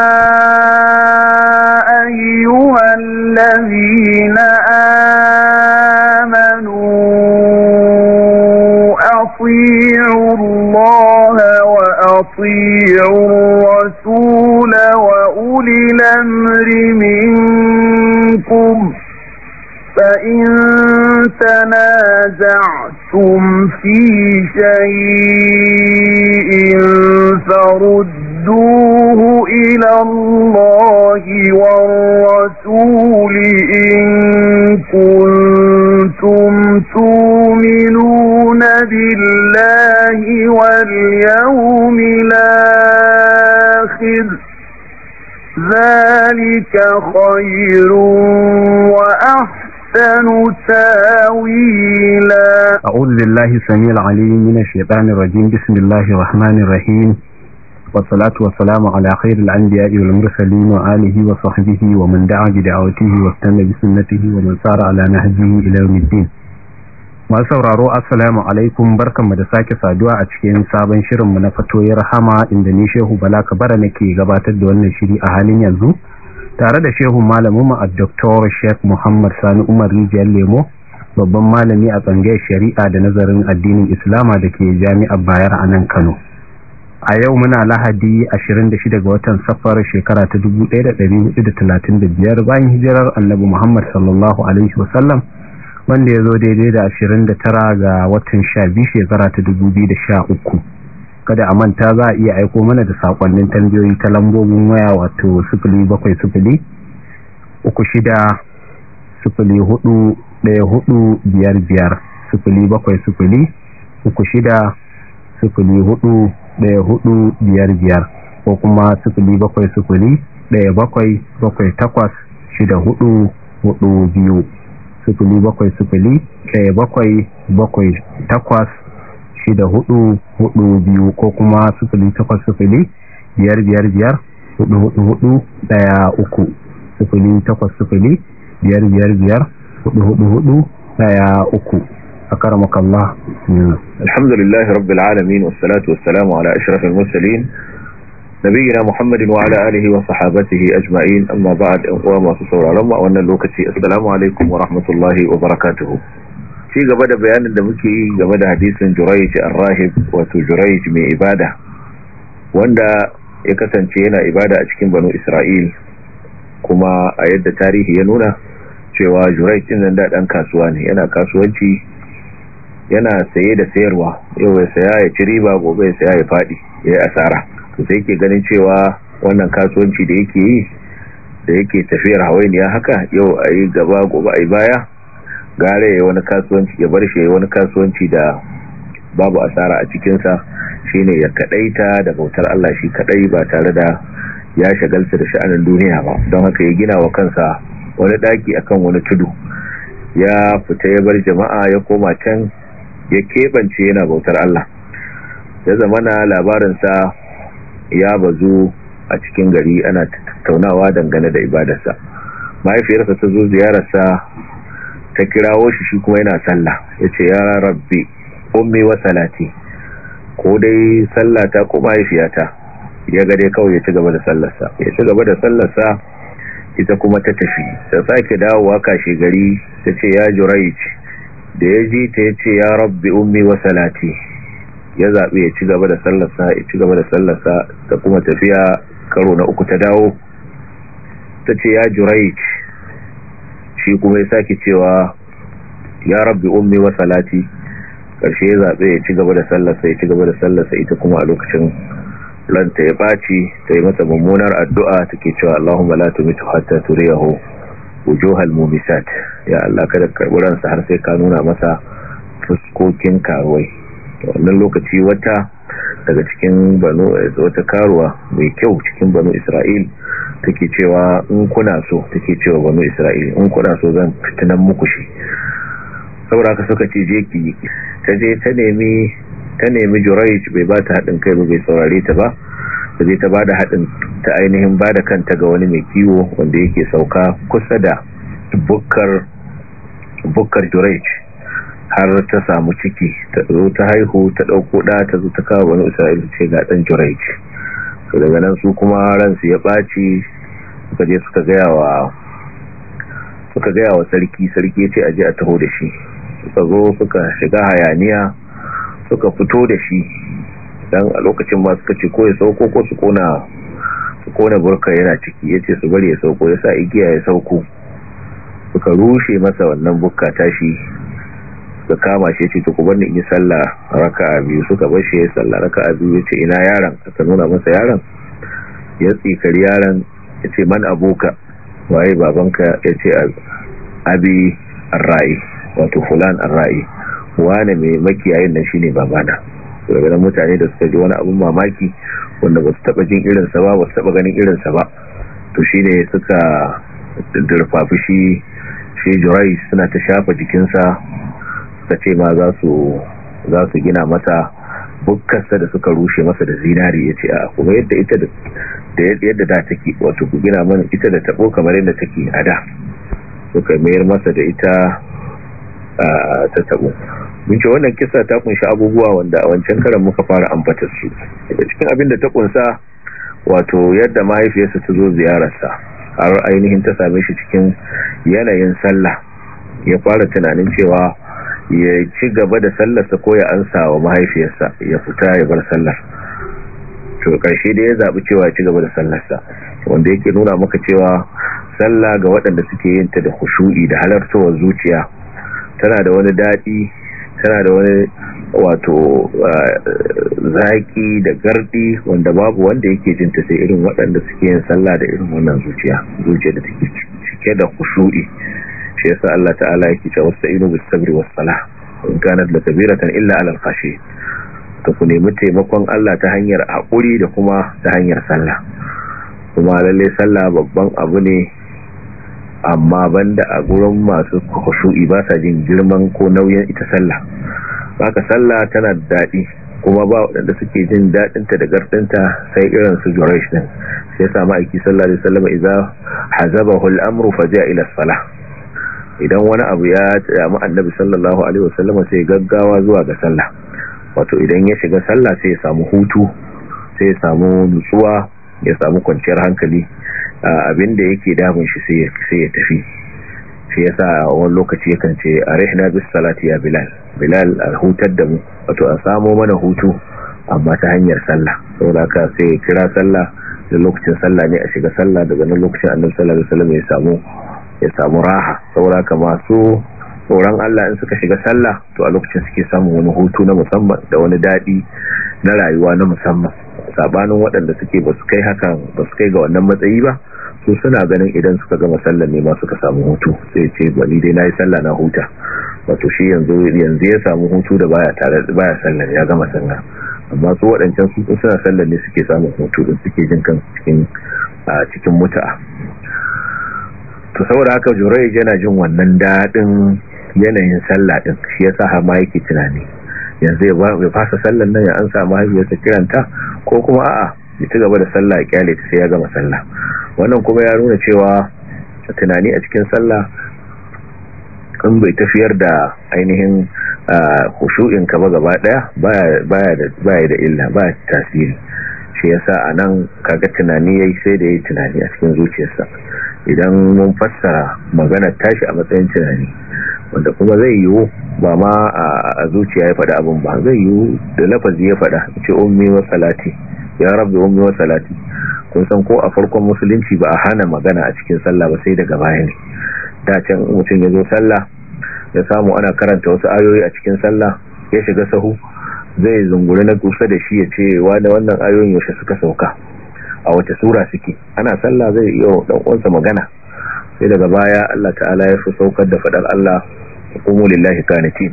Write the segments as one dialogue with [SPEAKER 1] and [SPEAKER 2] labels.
[SPEAKER 1] Uh...
[SPEAKER 2] السميع العليم من الشيطان الرجيم بسم الله الرحمن الرحيم والصلاة والسلام على خير الأنبياء والمرسلين وآله وصحبه ومن دعا بدعوته واستنى بسنته ومن سار على نهجه إلى يوم الدين masu sauraro assalamu alaikum barkanmu da sake saduwa a cikin sabon shirinmu na fatoyar hama inda ni shehu bala kabara nake gabatar da wannan shiri a halin yanzu tare da shehu malamin mu a dr sheikh muhammad sani umar rijiyar lemo babban malami a tsangayar shari'a da nazarin addinin islama da ke jami'ar bayar a nan kano a yau muna lahadi 26 ga watan safar shekara ta 1435 bayan hijirar annabi muhammad sallallahu alaihi wasallam wanda ya zo daidai da 29 ga watan 12 shekara ta 2013 kada a manta za a iya aiko mana da sakonnin tambayoyi ta lambobin waya wato 0700 uku shida sifili hudu ɗaya hudu biyar biyar sifili bakwai sifili uku shida sifili hudu ɗaya hudu biyar biyar ko kuma sifili bakwai sifili ɗaya bakwai bakwai takwas shida hudu hudu biyu sifili bakwai sifili ɗaya bakwai bakwai takwas shida hudu hudu biyu ko kuma sifili takwas sifili biyar biyar biyar hudu hudu hudu ɗaya uku sifili takwas sifili biyar biyar biyar hudu hudu hudu daya uku a
[SPEAKER 3] alhamdulillahi rabbil alamin wassalatu wassalamu ala ashrafil musallin nabiyina muhammadin wa ala wa sahabatihi ajma'in amma ba'd in uwa masu sauraron mu a wannan lokaci assalamu alaikum wa rahmatullahi wa barakatuhu ci gaba da bayanin da muke yi game da hadisin jurayji ar-rahib wato jurayji mai ibada wanda ya kasance yana ibada a cikin banu isra'il kuma a yadda tarihi ya nuna cewa jurai ɗin nan daɗan kasuwa ne yana kasuwanci yana saye da sayarwa yau ya saya ya ci riba gobe ya saya ya faɗi ya yi asara to sai ke ganin cewa wannan kasuwanci da yake yi da yake tafiyar hawainiya haka yau a yi gaba gobe a yi baya gare ya wani kasuwanci ya bar shi ya wani kasuwanci da babu asara a cikinsa shine ya kadaita da bautar Allah shi kadai ba tare da ya shagalta da sha'anin duniya ba don haka ya gina wa kansa wani daki akan wani tudu ya fita ya bar jama'a ya koma can ya kebance yana bautar Allah ya zamana labarinsa ya bazu a cikin gari ana tattaunawa dangane da ibadarsa mahaifiyarsa ta zo ziyararsa ta kirawo shi shi kuma yana sallah ya ce ya rabbi ummi wa salati ko dai sallata ko mahaifiyata ya gade kawai ya ci gaba da sallarsa ya ci gaba da sallarsa ita kuma ta tafi ta sake dawowa kashi gari ta ce ya juraic da ya ji ta ya ce ya rabbi ummi wa salati ya zaɓi ya ci gaba da sallasa ya ci gaba da sallasa ta kuma tafiya karo na uku ta dawo ta ce ya juraic shi kuma ya sake cewa ya rabbi ummi wa salati ƙarshe ya zaɓe ya ci gaba da sallasa ya ci gaba da sallasa ita kuma a lokacin ranta ya baci ta yi mata mummunar addu'a ta ke cewa Allahumma la tumitu hatta turiyahu halmomi sat ya Allah kada karburansa har sai ka nuna masa fuskokin karuwai wannan lokaci wata daga cikin banu wata karuwa mai kyau cikin banu Isra'il ta ke cewa in kuna so ta ke cewa banu Isra'il in kuna so zan fitinan muku shi saboda ka suka ce je ta je ta nemi ta nemi jurayj bai ba ta haɗin kai ba bai saurare ta ba zai ta ba da haɗin ta ainihin ba da kanta ga wani mai kiwo wanda yake sauka kusa da bukkar jurayj har ta samu ciki ta zo ta haihu ta ɗauko ɗa ta zo ta kawo wani isra'ila ce ga ɗan jurayj su daga nan su kuma ransu ya ɓaci suka je suka gaya wa suka gaya wa sarki sarki ya ce aje a taho da shi suka zo suka shiga hayaniya suka fito da shi dan a lokacin ba suka ce ko ya sauko ko su kona su kona burka yana ciki yace su bari ya sauko ya sa igiya ya sauko suka rushe masa wannan bukka tashi suka kama shi yace to ku bar ni in yi sallah raka'a biyu suka bar shi ya sallah raka'a biyu yace ina yaron ka nuna masa yaron ya tsikar yaron yace man aboka waye babanka yace abi arra'i wato fulan arra'i wane mai makiyayin nan shine babana daga nan mutane da suka ji wani abun mamaki wanda ba su taba jin irinsa ba ba su taba ganin irinsa ba to shine suka durfafi shi shi jurai suna ta shafa jikinsa suka ce ma za su gina mata bukkarsa da suka rushe masa da zinari ya ce a kuma yadda ita da yadda da take wato ku gina mana ita da tabo kamar yadda take a da suka mayar masa da ita ah, ta tabo mun wannan kisa ta kunshi abubuwa wanda a wancan karan muka fara ambatar su daga cikin abin da ta kunsa wato yadda mahaifiyarsa ta zo ziyararsa har ainihin ta same shi cikin yanayin sallah ya fara tunanin cewa ya ci gaba da sallarsa ko ya ansa wa mahaifiyarsa ya fita ya bar sallar to karshe da ya zaɓi cewa ya ci gaba da sallarsa wanda yake nuna maka cewa sallah ga waɗanda suke yin ta da khushu'i da halartowar zuciya tana da wani daɗi tana da wani wato zaki da gardi wanda babu wanda yake jinta sai irin waɗanda suke yin sallah da irin wannan zuciya zuciya da take cike da khushu'i shi yasa Allah ta'ala yake cewa sa'inu bis sabri was salah kanat la kabiratan illa al khashi to ku nemi taimakon Allah ta hanyar hakuri da kuma ta hanyar sallah kuma lalle sallah babban abu ne amma banda a gurin masu khushu'i ba sa jin girman ko nauyin ita sallah baka sallah tana da daɗi kuma ba waɗanda suke jin daɗinta da garɗinta sai irin su Quraysh din sai ya samu aiki sallallahu sallama wasallam idza hazabahu al-amru faja'a ila sallah idan wani abu ya tsama annabi sallallahu alaihi wasallam sai gaggawa zuwa ga sallah wato idan ya shiga sallah sai ya samu hutu sai ya samu nutsuwa ya samu kwanciyar hankali abin da yake damun shi sai ya tafi shi yasa wani lokaci yakan ce a rihna bis salati ya bilal bilal a hutar da mu wato a samo mana hutu amma ta hanyar sallah saboda ka sai kira sallah da lokacin sallah ne a shiga sallah daga nan lokacin annabi sallallahu alaihi wasallam ya samu ya samu raha saboda ka masu tsoron Allah in suka shiga sallah to a lokacin suke samun wani hutu na musamman da wani dadi na rayuwa na musamman sabanin waɗanda suke ba su kai hakan ba su kai ga wannan matsayi ba su suna ganin idan suka gama sallar ne ma suka samu hutu sai ce bani dai na yi sallah na huta wato shi yanzu ya samu hutu da baya tare baya sallar ya gama sallar amma su waɗancan su suna sallar ne suke samun hutu din suke jin kan cikin a cikin muta to saboda haka jurai yana jin wannan dadin yanayin sallah din shi yasa har ma yake tunani yanzu ya fasa sallan nan ya an samu kiranta ko kuma a'a ya ci gaba da sallah ya kyale ta sai ya gama sallah wannan kuma ya nuna cewa tunani a cikin sallah in bai tafiyar da ainihin khushu'in ka ba gaba daya baya da baya da illa baya tasiri shi a nan kaga tunani yayi sai da yayi tunani a cikin zuciyarsa idan mun fassara magana tashi a matsayin tunani wanda kuma zai yiwu ba ma a zuciya ya faɗa abin ba zai yiwu da lafazi ya faɗa ce ummi wa salati ya rabbi ummi wa salati kun san ko a farkon musulunci ba a hana magana a cikin sallah ba sai daga baya ne da can mutum ya zo sallah ya samu ana karanta wasu ayoyi a cikin sallah ya shiga sahu zai zunguri na gusa da shi ya ce da wannan ayoyin yaushe suka sauka a wace sura suke ana sallah zai iya ɗan uwansa magana sai daga baya Allah ta'ala ya fi saukar da fadar Allah qumu lillahi qanitin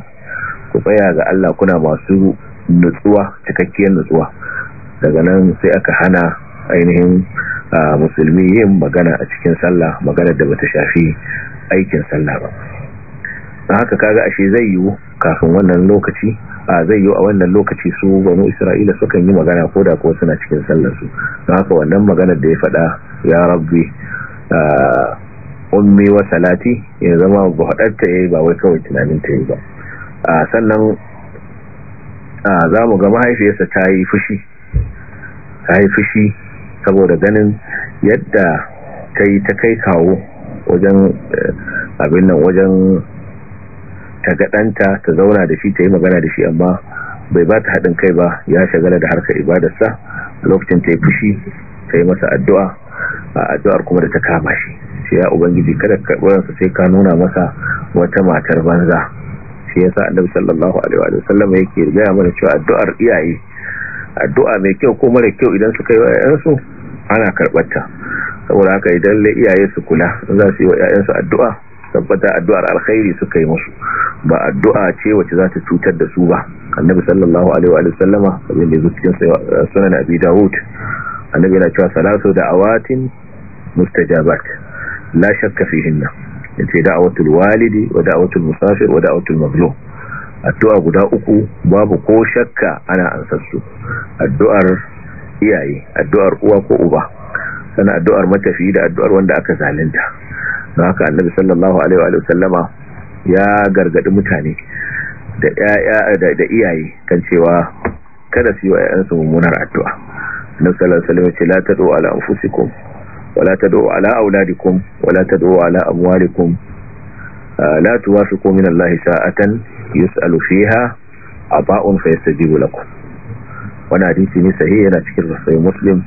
[SPEAKER 3] ku tsaya ga Allah kuna masu nutsuwa cikakkiyar nutsuwa daga nan sai aka hana ainihin musulmi yin magana a cikin sallah magana da bata shafi aikin sallah ba haka kaga ashe zai yiwu kafin wannan lokaci a zai yiwu a wannan lokaci su banu isra'ila sukan yi magana ko da kuwa suna cikin sallarsu don haka wannan maganar da ya faɗa ya rabbi ummi wa salati ya zama buhadarta yayi eh, ba wai kawai tunanin ta yi ba sannan za mu ga mahaifiyarsa ta yi fushi ta yi fushi saboda ganin yadda ta yi ta kai kawo wajen eh, abin nan wajen ta ta zauna da shi ta yi magana da shi amma bai ba ta haɗin kai ba ya shagala da harkar ibadarsa lokacin ta yi fushi ta yi masa addu'a addu'ar kuma da ta kama shi ce ya ubangiji kada karbarsa sai ka nuna masa wata matar banza shi yasa annabi sallallahu alaihi wa sallam yake gaya mana cewa addu'ar iyaye addu'a mai kyau ko mara kyau idan suka yi wa ƴaƴansu ana ta saboda haka idan le iyaye su kula za su yi wa ƴaƴansu addu'a tabbata addu'ar alkhairi suka yi musu ba addu'a ce wacce za ta cutar da su ba annabi sallallahu alaihi wa sallama abin da zuciyar sunan dawud annabi yana cewa salatu awatin mustajabat la shakka fihinna yace da'watul walidi wa da'watul musafir wa da'watul mazlum addu'a guda uku babu ko shakka ana ansarsu addu'ar iyaye addu'ar uwa ko uba sana addu'ar matafi da addu'ar wanda aka zalunta don haka annabi sallallahu alaihi wa sallama ya gargadi mutane da da iyaye kan cewa kada su yi wa mummunar addu'a annabi sallallahu alaihi wa ce la tad'u ala anfusikum wala tad'u ala auladikum wala tad'u ala amwalikum la tuwafiqu min Allah sa'atan yus'alu fiha aba'un fayastajibu lakum wannan hadisi ne sahihi yana cikin sahih muslim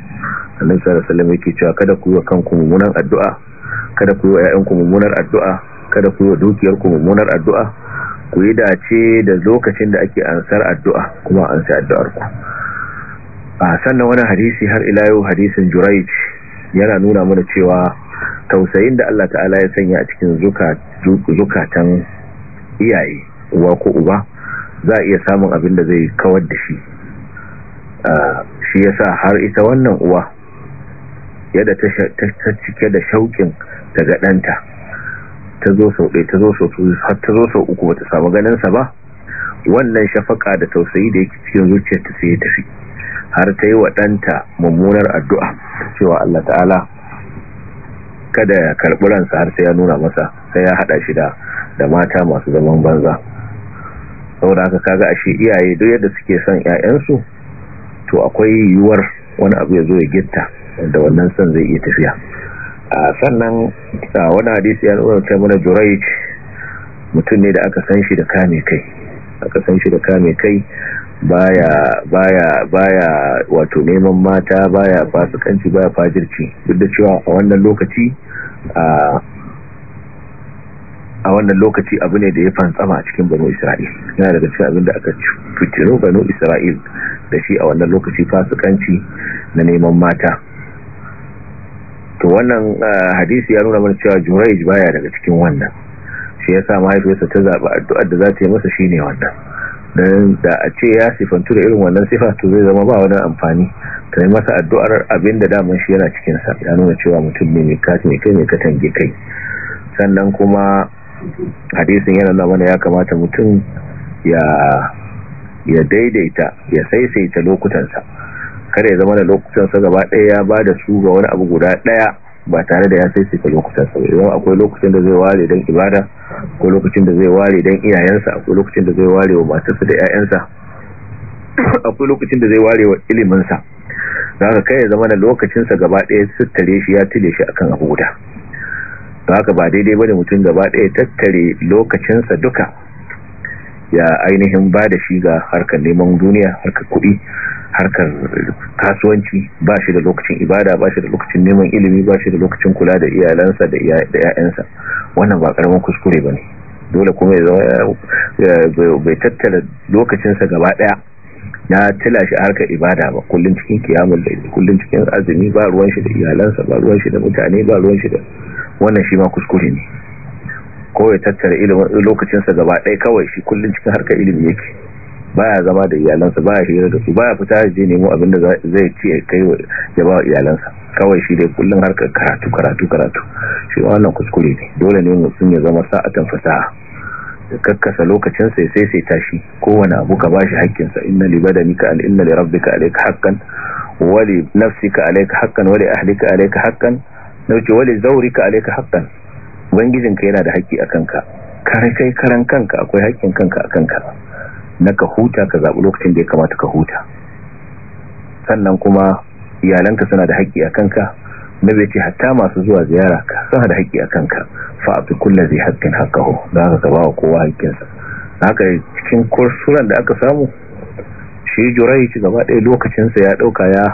[SPEAKER 3] annabi sallallahu alaihi wasallam yake cewa kada ku yi wa kanku mummunan addu'a kada ku yi wa ƴaƴanku mummunar addu'a kada ku yi wa dukiyarku mummunar addu'a ku yi dace da lokacin da ake ansar addu'a kuma ansa addu'arku a sannan wani hadisi har ila yau hadisin jurayj yana nuna mana cewa tausayin da Allah ta'ala ya sanya a cikin zukatan iyaye uwa ko uba za a iya samun abin da zai kawar da shi shi ya sa har ita wannan uwa yadda ta cike da shauƙin daga ɗanta ta zo sau ɗaya ta zo sau har ta zo sau uku ba ta samu ganinsa ba wannan shafaka da tausayi da yake cikin zuciyarta sai ya tafi har ta yi wa ɗanta mummunar addu'a cewa Allah ta'ala kada ya karɓi ransa har sai ya nuna masa sai ya haɗa shi da mata masu zaman banza Sau da aka kaga ashe iyaye duk yadda suke son 'ya'yansu to akwai yiwuwar wani abu ya zo ya gitta da wannan son zai iya tafiya sannan a wani hadisi ya nuna ta mana juraic mutum ne da aka sanshi aka san shi da kame kai baya baya baya wato neman mata baya fasikanci baya fajirci duk da cewa a wannan lokaci a wannan lokaci abu ne da ya fantsama a cikin banu isra'il yana daga cikin abin da aka fitino banu isra'il da shi a wannan lokaci fasikanci na neman mata to wannan hadisi ya nuna mana cewa jurej baya daga cikin wannan shi ya sa mahaifiyarsa ta zaba addu'ar da za ta yi masa shi ne wannan dan da a ce ya sifantu da irin wannan sifa to zai zama ba wani amfani yi masa addu'ar abin da daman shi yana cikin sa ya nuna cewa mutum ne mai kati mai kai mai katange kai sannan kuma hadisin yana na mana ya kamata mutum ya daidaita ya saisaita lokutansa kada ya zama da lokutansa gaba ɗaya ya ba da su ga wani abu guda ɗaya ba tare da ya sai sai lokuta sa ba akwai lokacin da zai ware dan ibada akwai lokacin da zai ware dan iyayensa akwai lokacin da zai ware wa matarsa da ƴaƴansa akwai lokacin da zai ware wa ilimin sa zaka kai ya zama da lokacin sa gaba ɗaya tattare shi ya tile shi akan abu guda ka ba daidai bane mutum gaba ɗaya tattare lokacin sa duka ya ainihin ba da shi ga harkar neman duniya harkar kuɗi harkar kasuwanci ba shi da lokacin ibada ba shi da lokacin neman ilimi ba shi da lokacin kula da iyalansa da 'ya'yansa wannan ba karamin kuskure ba ne dole kuma ya zama bai tattala lokacinsa gaba daya na tila shi harkar ibada ba kullum cikin kiyamun da kullum cikin azumi ba ruwan shi da iyalansa ba ruwan shi da mutane ba ruwan shi da wannan shi ma kuskure ne ko tattara ilimin lokacinsa gaba daya kawai shi kullum cikin harkar ilimi yake baya zama da iyalansa baya hira da su baya fita je nemo abinda zai ci ya kai ya ba iyalansa kawai shi dai kullum harkar karatu karatu karatu shi wannan kuskure ne dole ne mutum ya zama sa'atan fasaha da kakkasa lokacin sai sai sai tashi kowane abu ka bashi haƙƙin sa inna li ka al inna li rabbika alayka haqqan wa li nafsika alayka haqqan wa li ahlika alayka haqqan nauce wa li zawrika alayka haqqan ubangijinka yana da haƙƙi akan ka kare kai karan kanka akwai haƙƙin kanka akan ka na ka huta ka zaɓi lokacin da ya kamata ka huta sannan kuma iyalanka suna da haƙƙi a kanka na bai ce hatta masu zuwa ziyara ka suna da haƙƙi a kanka fa'afi kulla zai haƙƙin ho za ka gaba wa kowa haƙƙinsa haka cikin kursuran da aka samu shi yi ci gaba ɗaya lokacinsa ya ɗauka ya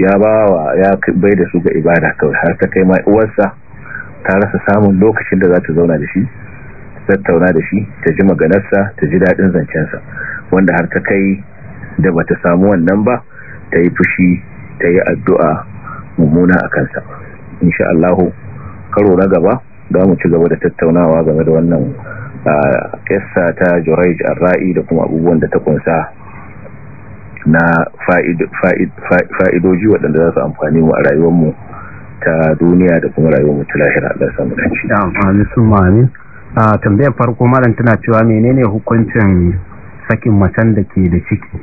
[SPEAKER 3] ya ba wa ya bai da su ga ibada kawai har ta kai ma uwarsa ta rasa samun lokacin da za ta zauna da shi tattauna da shi ta ji maganarsa ta ji daɗin zancensa wanda har ta kai da bata samu wannan ba ta yi fushi ta yi addu'a mummuna a kansa insha Allahu karo na gaba za mu ci gaba da tattaunawa game da wannan kessa ta Juraij Arra'i da kuma abubuwan da ta kunsa na fa'idoji waɗanda za su amfani mu a rayuwarmu ta
[SPEAKER 2] duniya da kuma rayuwarmu
[SPEAKER 3] ta lahira Allah samu
[SPEAKER 2] Amin. a tambayar farko malam tana cewa menene hukuncin sakin macen da ke da ciki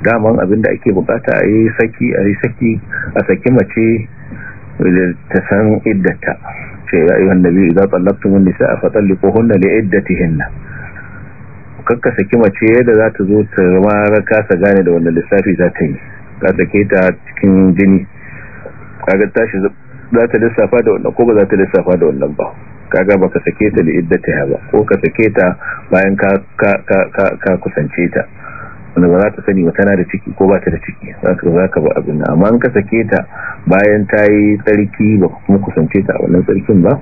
[SPEAKER 3] daman abinda ake bukata a yi saki a yi saki a saki mace ta san iddata ce ya yi wanda biyu idan tsallaktumin nisa a fatsalli ko hunna da hinna kakka saki mace yadda za ta zo ta zama sa gane da wanda lissafi za ta yi ka sake ta cikin jini kaga tashi za ta lissafa da wannan ko ba za ta lissafa da wannan ba kaga baka sake ta liiddatiha ba ko ka sake ta bayan ka ka kusance ta wanda ba za ta sani ba tana da ciki ko ba ta da ciki za ka za ka ba abin nan amma in ka sake ta bayan ta yi tsarki ba kuma kusance ta a wannan tsarkin ba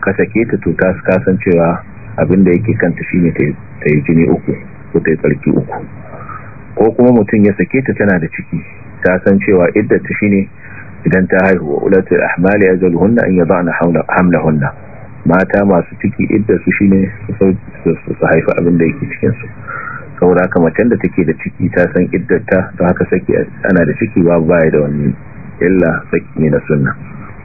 [SPEAKER 3] ka sake ta to ta cewa abin da yake kanta shine ta ta yi jini uku ko ta yi tsarki uku ko kuma mutum ya sake ta tana da ciki ta san cewa iddata shine idan ta haihu wa ulatul ahmali ajaluhunna an yadana hamlahunna mata masu ciki idda su shine su haifa abin da yake cikin su saboda haka mace da take da ciki ta san iddarta ta haka saki ana da ciki ba baya da wani illa saki ne na sunna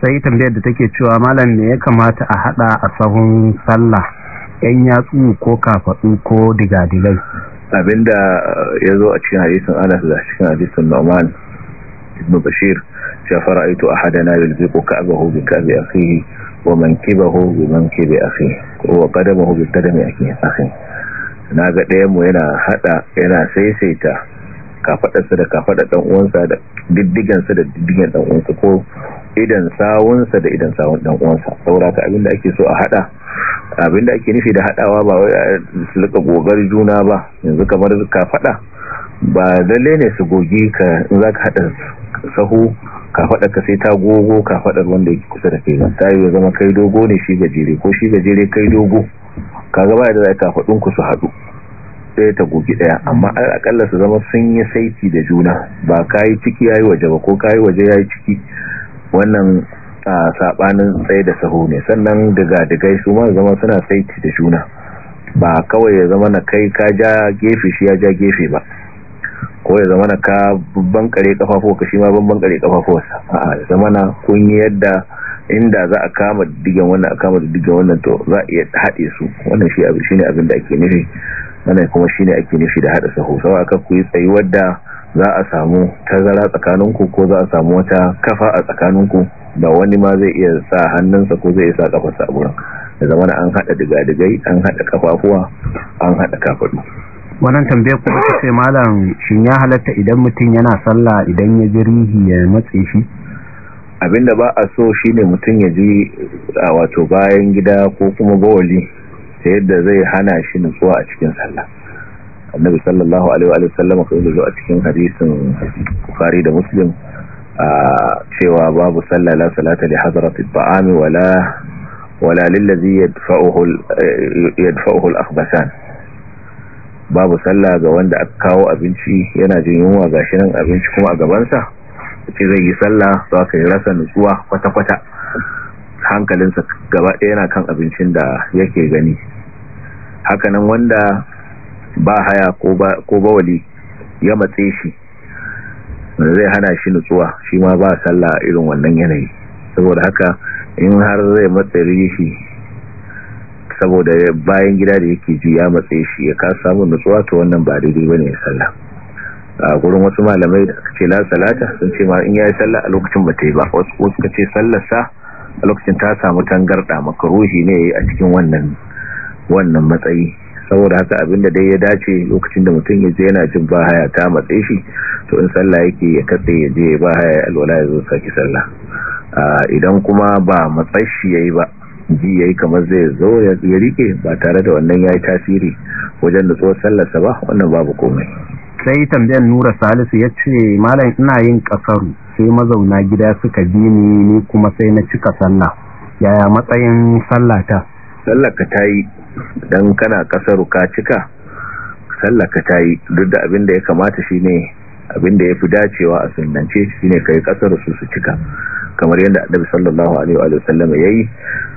[SPEAKER 2] sai tambayar da take cewa malam ne ya kamata a hada a sahun sallah yan yatsu ko kafadu ko digadilai
[SPEAKER 3] abinda yazo a cikin hadisin anas da cikin hadisin nu'man ibn bashir shafara aitu ahadana yulziqu ka'bahu bi ka'bi akhihi wa كبه bi كب akhi هو قدمه bi qadami akhi naga ɗayan mu yana hada yana saisaita kafadarsa da kafadar dan uwansa da diddigansa da diddigan dan uwansa ko idan sawunsa da idan sawun dan uwansa saboda ka abinda ake so a hada abinda ake nufi da hadawa ba wai su lika gogar juna ba yanzu kamar ka ba lalle ne su gogi ka in zaka hada sahu kafadar ka sai ta gogo ka kafadar wanda yake kusa da kai ta yi zama kai dogo ne shi gajere ko shi gajere kai dogo kaga ba da za ka fadun ku su haɗu sai ta gogi ɗaya amma a akalla su zama sun yi saiti da juna ba kai ciki yayi waje ba ko kai waje yayi ciki wannan a sabanin tsaye da saho ne sannan daga digai su ma zama suna saiti da juna ba kawai ya zama na kai ka ja gefe shi ya ja gefe ba ko ya zamana ka babban kare kafafuwa ka shi ma babban kare kafafuwarsa a zamana kun yi yadda inda za a kama digan wannan a kama digan wannan to za a iya haɗe su wannan shi abin ne abin da ake nufi wannan kuma shi ne ake nufi da haɗa sahu sau aka ku yi tsayi wadda za a samu tazara tsakaninku ko za a samu wata kafa a tsakaninku ba wani ma zai iya sa hannunsa ko zai sa kafarsa a wurin da zamana an haɗa digadigai an haɗa kafafuwa an haɗa kafaɗu
[SPEAKER 2] wannan tambayar kuma ta ce malam shin ya halatta idan mutum yana sallah idan ya ji rihi ya matse shi
[SPEAKER 3] abinda ba a so shine mutum ya ji a wato bayan gida ko kuma bawali ta yadda zai hana shi nutsuwa a cikin sallah annabi sallallahu alaihi wa sallam ka yi a cikin hadisin bukhari da muslim a cewa babu sallah la salata li hadratit ta'ami wala wala lillazi yadfa'uhu yadfa'uhu al-akhbasan babu sallah ga wanda aka kawo abinci yana jin yunwa ga nan abinci kuma a gabansa ce zai yi sallah za ka yi rasa nutsuwa kwata-kwata hankalinsa gaba ɗaya yana kan abincin da yake gani hakanan wanda ba haya ko bawali ya matse shi zai hana shi nutsuwa shi ma ba sallah irin wannan yanayi saboda haka in har zai matsari shi saboda bayan gida da yake ji ya matse shi ya kasa samun nutsuwa to wannan ba daidai bane ya sallah a gurin wasu malamai da ce la salata sun ce ma in yayi sallah a lokacin bata yi ba wasu ko ce a lokacin ta samu tangarda ruhi ne a cikin wannan matsayi saboda haka abin da dai ya dace lokacin da mutum ya je yana jin ba haya ta matse shi to in sallah yake ya katse ya je haya alwala ya zo saki sallah idan kuma ba matsashi yayi ba ji ya yi kamar zai zo ya rike ba tare da wannan ya yi tasiri wajen da tsohon sallarsa ba wannan babu komai
[SPEAKER 2] sai tambayar nura salisu ya ce malam ina yin kasaru sai mazauna gida suka bi ni ni kuma sai na cika sallah yaya matsayin sallata
[SPEAKER 3] sallaka ta yi don kana kasaru ka cika sallaka ta yi duk da abin da ya kamata shi ne abin da ya fi dacewa a sunance shi ne kai kasaru su su cika kamar yadda annabi sallallahu alaihi wa sallam ya yi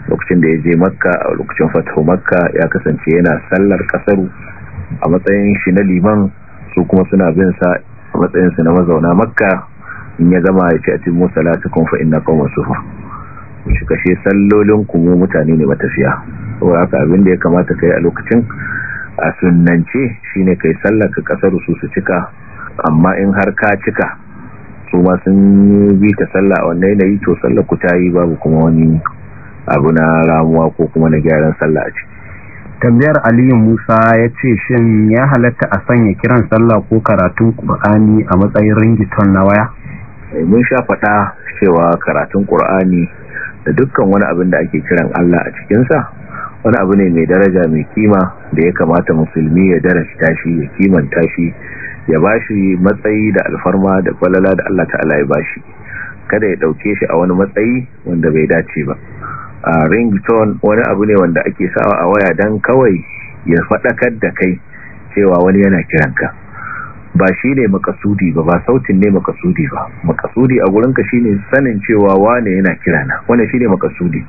[SPEAKER 3] lokacin da ya je makka a lokacin fatahu makka ya kasance yana sallar kasaru a matsayin shi na liman su kuma suna bin sa a matsayin su na mazauna makka in ya gama ya ce a cikin salatukum fa inna kawo sufa shi kashe sallolin ku mutane ne matafiya ko haka abin da ya kamata kai a lokacin a sunnance ne kai sallar ka kasaru su su cika amma in har ka cika su ma sun yi ta sallah a wannan yanayi to sallar ku ta yi babu kuma wani abu na ramuwa ko kuma na gyaran sallah a ciki
[SPEAKER 2] tambayar aliyu musa ya ce shin ya halatta a sanya kiran sallah ko karatun ƙur'ani a matsayin ringiton na waya
[SPEAKER 3] eh, mun sha faɗa cewa karatun ƙur'ani da dukkan wani abin da ake kiran allah a cikinsa wani abu ne mai daraja mai kima da ya kamata musulmi ya darasi shi ya kimanta shi ya ba shi matsayi da alfarma da kwalala da allah ta'ala ya ba shi kada ya ɗauke shi a wani matsayi wanda bai dace ba A ringtone wani abu ne wanda ake sawa a waya don kawai ya faɗakar da kai cewa wani yana kiranka ba shi ne makasudi ba ba sautin ne makasudi ba makasudi a gurinka shi ne sanin cewa wane yana kirana wane shi ne makasudi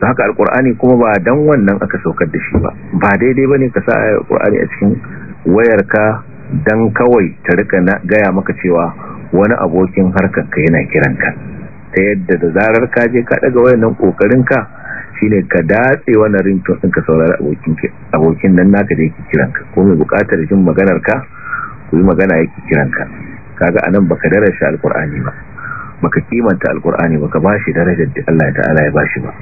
[SPEAKER 3] da haka alkur'ani kuma ba don wannan aka saukar da shi ba ba daidai ba ne ka sa alkur'ani a cikin wayar ka don kawai ta rika gaya maka cewa wani abokin harkar ka yana kiranka ta yadda da zarar ka je ka daga wayannan kokarin ka shine ka datse wannan rinto din ka saurari abokin abokin nan naka da yake kiran ka ko mai bukatar jin maganar ka ku yi magana yake kiran ka kaga anan baka darasa alqur'ani ba baka kimanta alqur'ani baka bashi darajar da Allah ta'ala ya bashi ba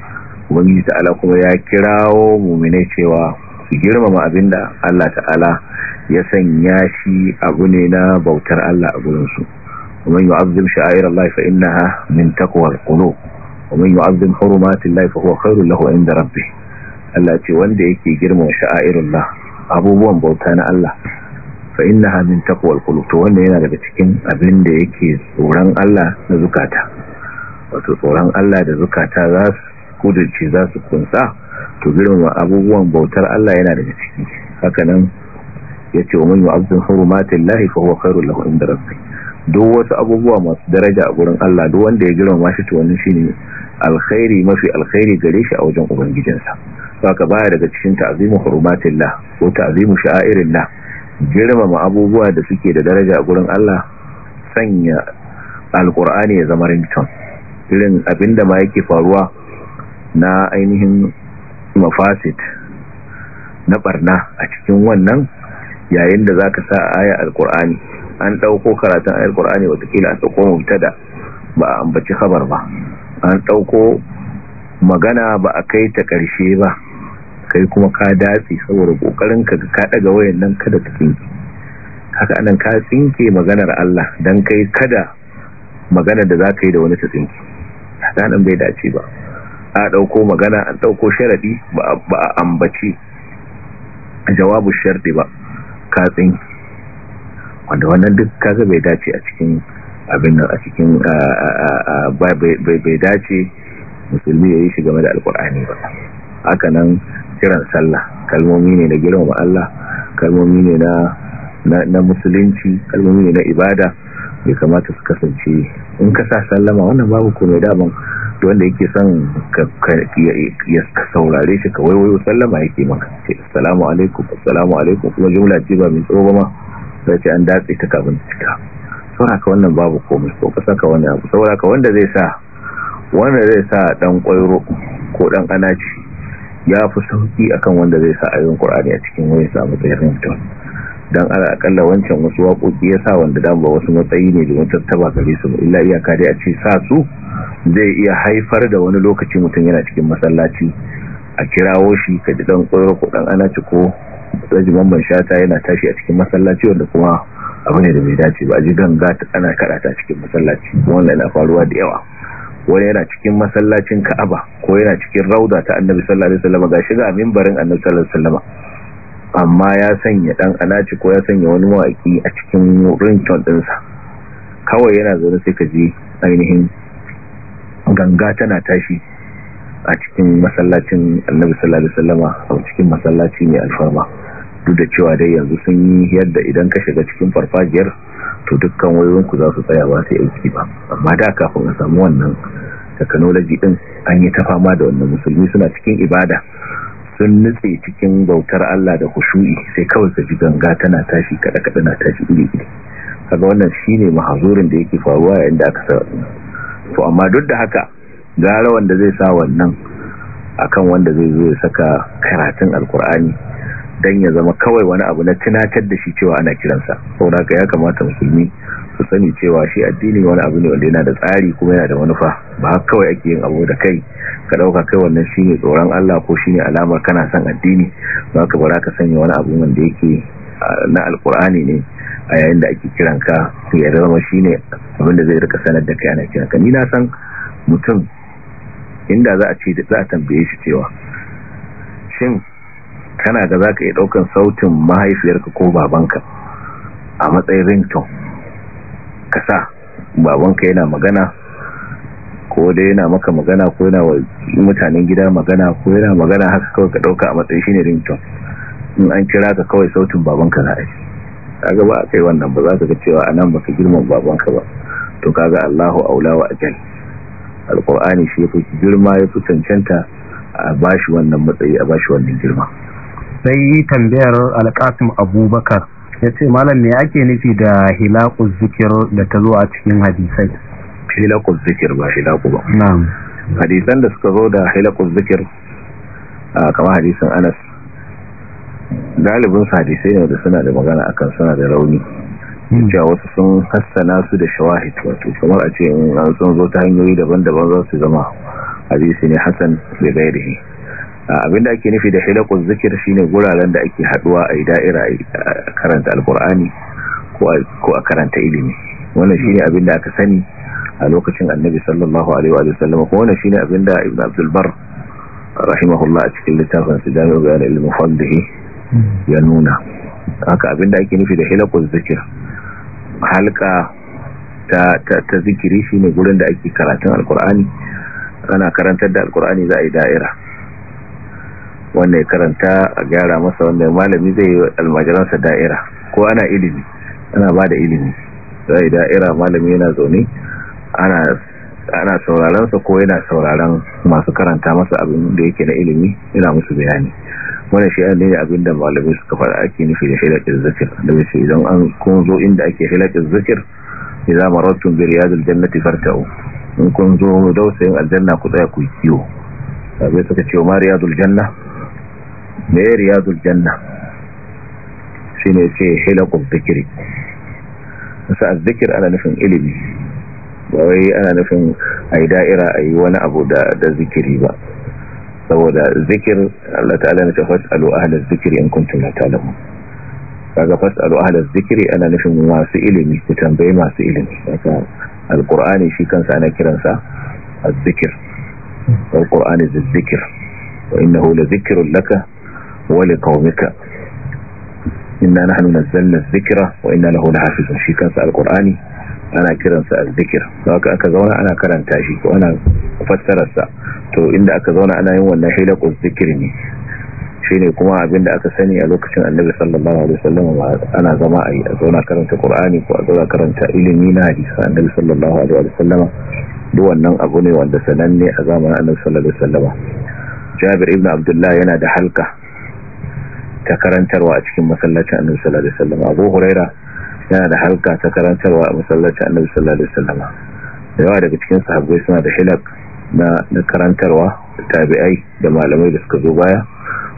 [SPEAKER 3] ubangiji ta'ala kuma ya kirawo mu'minai cewa su girmama abinda Allah ta'ala ya sanya shi abu ne na bautar Allah a gurin su ومن يعظم شعائر الله فإنها من تقوى القلوب ومن يعظم حرمات الله فهو خير له عند ربه yake girma sha'airullah bauta na Allah fa to wannan yana daga cikin abin da yake tsoron Allah na zukata wasu tsoron Allah da zukata za su za su kunsa to girma abubuwan bautar Allah yana daga ciki haka nan yace wa man yu'azzim hurumatil lahi fa huwa duk wasu abubuwa masu daraja a gurin Allah duk wanda ya girmama shi to shi ne alkhairi mafi alkhairi gare shi a wajen ubangijinsa saka baya daga cikin ta'zimu hurumatillah ko ta'zimu sha'airillah girmama abubuwa da suke da daraja a gurin Allah sanya alkur'ani ya zama rington irin abin da ma yake faruwa na ainihin mafasit na barna a cikin wannan yayin da za ka sa aya alkur'ani an ɗauko karatun ayar ƙur'ani watakila an ɗauko mubtada ba a ambaci khabar ba an ɗauko magana ba a kai ta ƙarshe ba kai kuma ka datsi saboda ƙoƙarin ka ka ɗaga wayan nan kada ta tsinke haka anan ka tsinke maganar Allah don kai kada magana da za ka yi da wani ta tsinke hakanan bai dace ba a ɗauko magana an ɗauko sharaɗi ba a ambaci jawabu sharɗi ba ka tsinke wanda wannan duk kaga bai dace a cikin abin nan a cikin bai dace musulmi ya yi shi game da alkur'ani ba haka nan kiran sallah kalmomi ne na girmama Allah kalmomi ne na musulunci kalmomi ne na ibada bai kamata su kasance in ka sa sallama wannan babu mai daban wanda yake son ya saurare shi ka waiwayo sallama yake maka ce assalamu alaikum assalamu alaikum kuma jumla ce ba mai tsoba ma sai ce an datse ta kafin cika sauraka wannan babu komai ko ka saka wani abu sauraka wanda zai sa wanda zai sa dan kwairo ko dan anaci ya fi sauki akan wanda zai sa ayoyin qur'ani a cikin wani samu tsayin to dan ala akalla wancan wasu waƙoƙi ya sa wanda dan ba wasu matsayi ne domin tattaba gare su illa iyaka dai a ce sa su zai iya haifar da wani lokaci mutum yana cikin masallaci a kirawo shi ka ji dan kwairo ko dan anaci ko alhaji mamman shata yana tashi a cikin masallaci wanda kuma abu ne da bai dace ba ji ganga ana karata cikin masallaci wannan yana faruwa da yawa wani yana cikin masallacin ka'aba ko yana cikin rauda ta annabi sallallahu alaihi wasallam ga shiga mimbarin annabi sallallahu alaihi wasallam amma ya sanya dan alaci ko ya sanya wani waki a cikin din dinsa kawai yana zaune sai ka ji ainihin ganga tana tashi a cikin masallacin annabi sallallahu alaihi wasallama cikin masallaci ne alfarma duk da cewa dai yanzu sun yi yadda idan ka shiga cikin farfajiyar to dukkan ku za su tsaya ba sai aiki ba amma da kafin a samu wannan technology din an yi ta fama da wannan musulmi suna cikin ibada sun nutse cikin bautar Allah da khushu'i sai kawai su ji ganga tana tashi kada kada na tashi iri iri kaga wannan shine mahazurin da yake faruwa yayin da aka sa to amma duk da haka gara wanda zai sa wannan akan wanda zai zo ya saka karatun alkur'ani dan ya zama kawai wani abu na tunatar da shi cewa ana kiransa sau da ya kamata musulmi su sani cewa shi addini wani abu ne wanda yana da tsari kuma yana da manufa ba kawai ake yin abu da kai ka dauka kai wannan shine tsoron Allah ko shine alamar kana son addini ba ka bara ka sanya wani abu wanda yake na alkur'ani ne a yayin da ake kiranka ya zama shine abinda zai rika sanar da kai ana kiranka ni na san mutum inda za a ce za a tambaye shi cewa shin kana ga za ka iya ɗaukan sautin mahaifiyarka ko babanka a matsayin rington ka sa babanka yana magana ko dai yana maka magana ko yana wa mutanen gida magana ko yana magana haka kawai ka ɗauka a matsayin shi ne rington in an kira ka kawai sautin babanka za a yi kaga ba a kai wannan ba za ka ga cewa anan nan ba ka girman babanka ba to kaga allahu aula wa ajal alkur'ani shi ya fi girma ya fi cancanta a bashi wannan matsayi a bashi wannan girma
[SPEAKER 2] sai tambayar alkasim abubakar ya ce malam ne ake nufi da hilakun zikir da ta zo a cikin hadisai hilakun
[SPEAKER 3] zikir ba hilaku ba hadisan da suka zo da hilakun zikir kama hadisan anas galibin hadisai ne da suna da magana akan suna da rauni cewa wasu sun hassana su da shawahid wato kamar a ce an sun zo ta hanyoyi daban-daban za su zama hadisi ne hasan bai gairihi abinda ake nufi da hilakun zikir shi ne guraren da ake haduwa a da'ira a karanta alkur'ani ko a karanta ilimi wannan abin abinda aka sani a lokacin annabi sallallahu alaihi wa sallam ko wannan shine abinda ibn abdul bar rahimahullah a cikin littafin sa da bayan ilmi ya nuna haka abinda ake nufi da hilakun zikir halka ta, ta, ta zikiri shine ne gurin da ake karatun alkur'ani ana karantar da alkur'ani za a yi da'ira wanda ya karanta a gyara masa wanda malami zai yi almajiransa da'ira ko ana ilimi ana ba da ilimi za a yi da'ira malami yana zaune ana ana sa ko yana sauraron masu karanta masa abin da yake na ilimi yana musu bayani wannan shi ne abin da malamai suka fara ake nufi da hilakin zikir. da mace idan an kun zo inda ake zikir, hilakin zakir idza marattum bi riyadil jannati farta'u in kun zo dausayin aljanna ku tsaya ku kiwo. sabai suka ce ma riyadul janna me riyadul janna shine ce hilakun zikiri nasa zikir ana nufin ilimi ba wai ana nufin a yi da'ira a yi wani abu da zikiri ba saboda zikir Allah ta'ala ne ce fas'alu ahla zikri in kuntum la ta'lamun kaga fas'alu ahla zikri ana nufin masu ilimi ku tambaye masu ilimi kaga alqur'ani shi kansa ana kiransa az-zikr alqur'ani az wa innahu la zikrun laka wa li qaumika inna nahnu nazzalna adh-dhikra wa inna lahu lahafizun shi kansa alqur'ani ana kiransa azzikir haka aka zauna ana karanta shi ko ana fassararsa to inda aka zauna ana yin wannan hilaquz zikir ne shine kuma abinda aka sani a lokacin annabi sallallahu alaihi wasallam ana zama a yi a zauna karanta qur'ani ko a zauna karanta ilimi na hadisi annabi sallallahu alaihi wasallam duk wannan abu ne wanda sananne a zamanin annabi sallallahu alaihi wasallam Jabir ibn Abdullah yana da halka ta karantarwa a cikin masallacin annabi sallallahu alaihi wasallam Abu Huraira yana da halka ta karantarwa a masallaci annabi sallallahu alaihi wasallam yawa daga cikin sahabbai suna da hilak na karantarwa tabi'ai da malamai da suka zo baya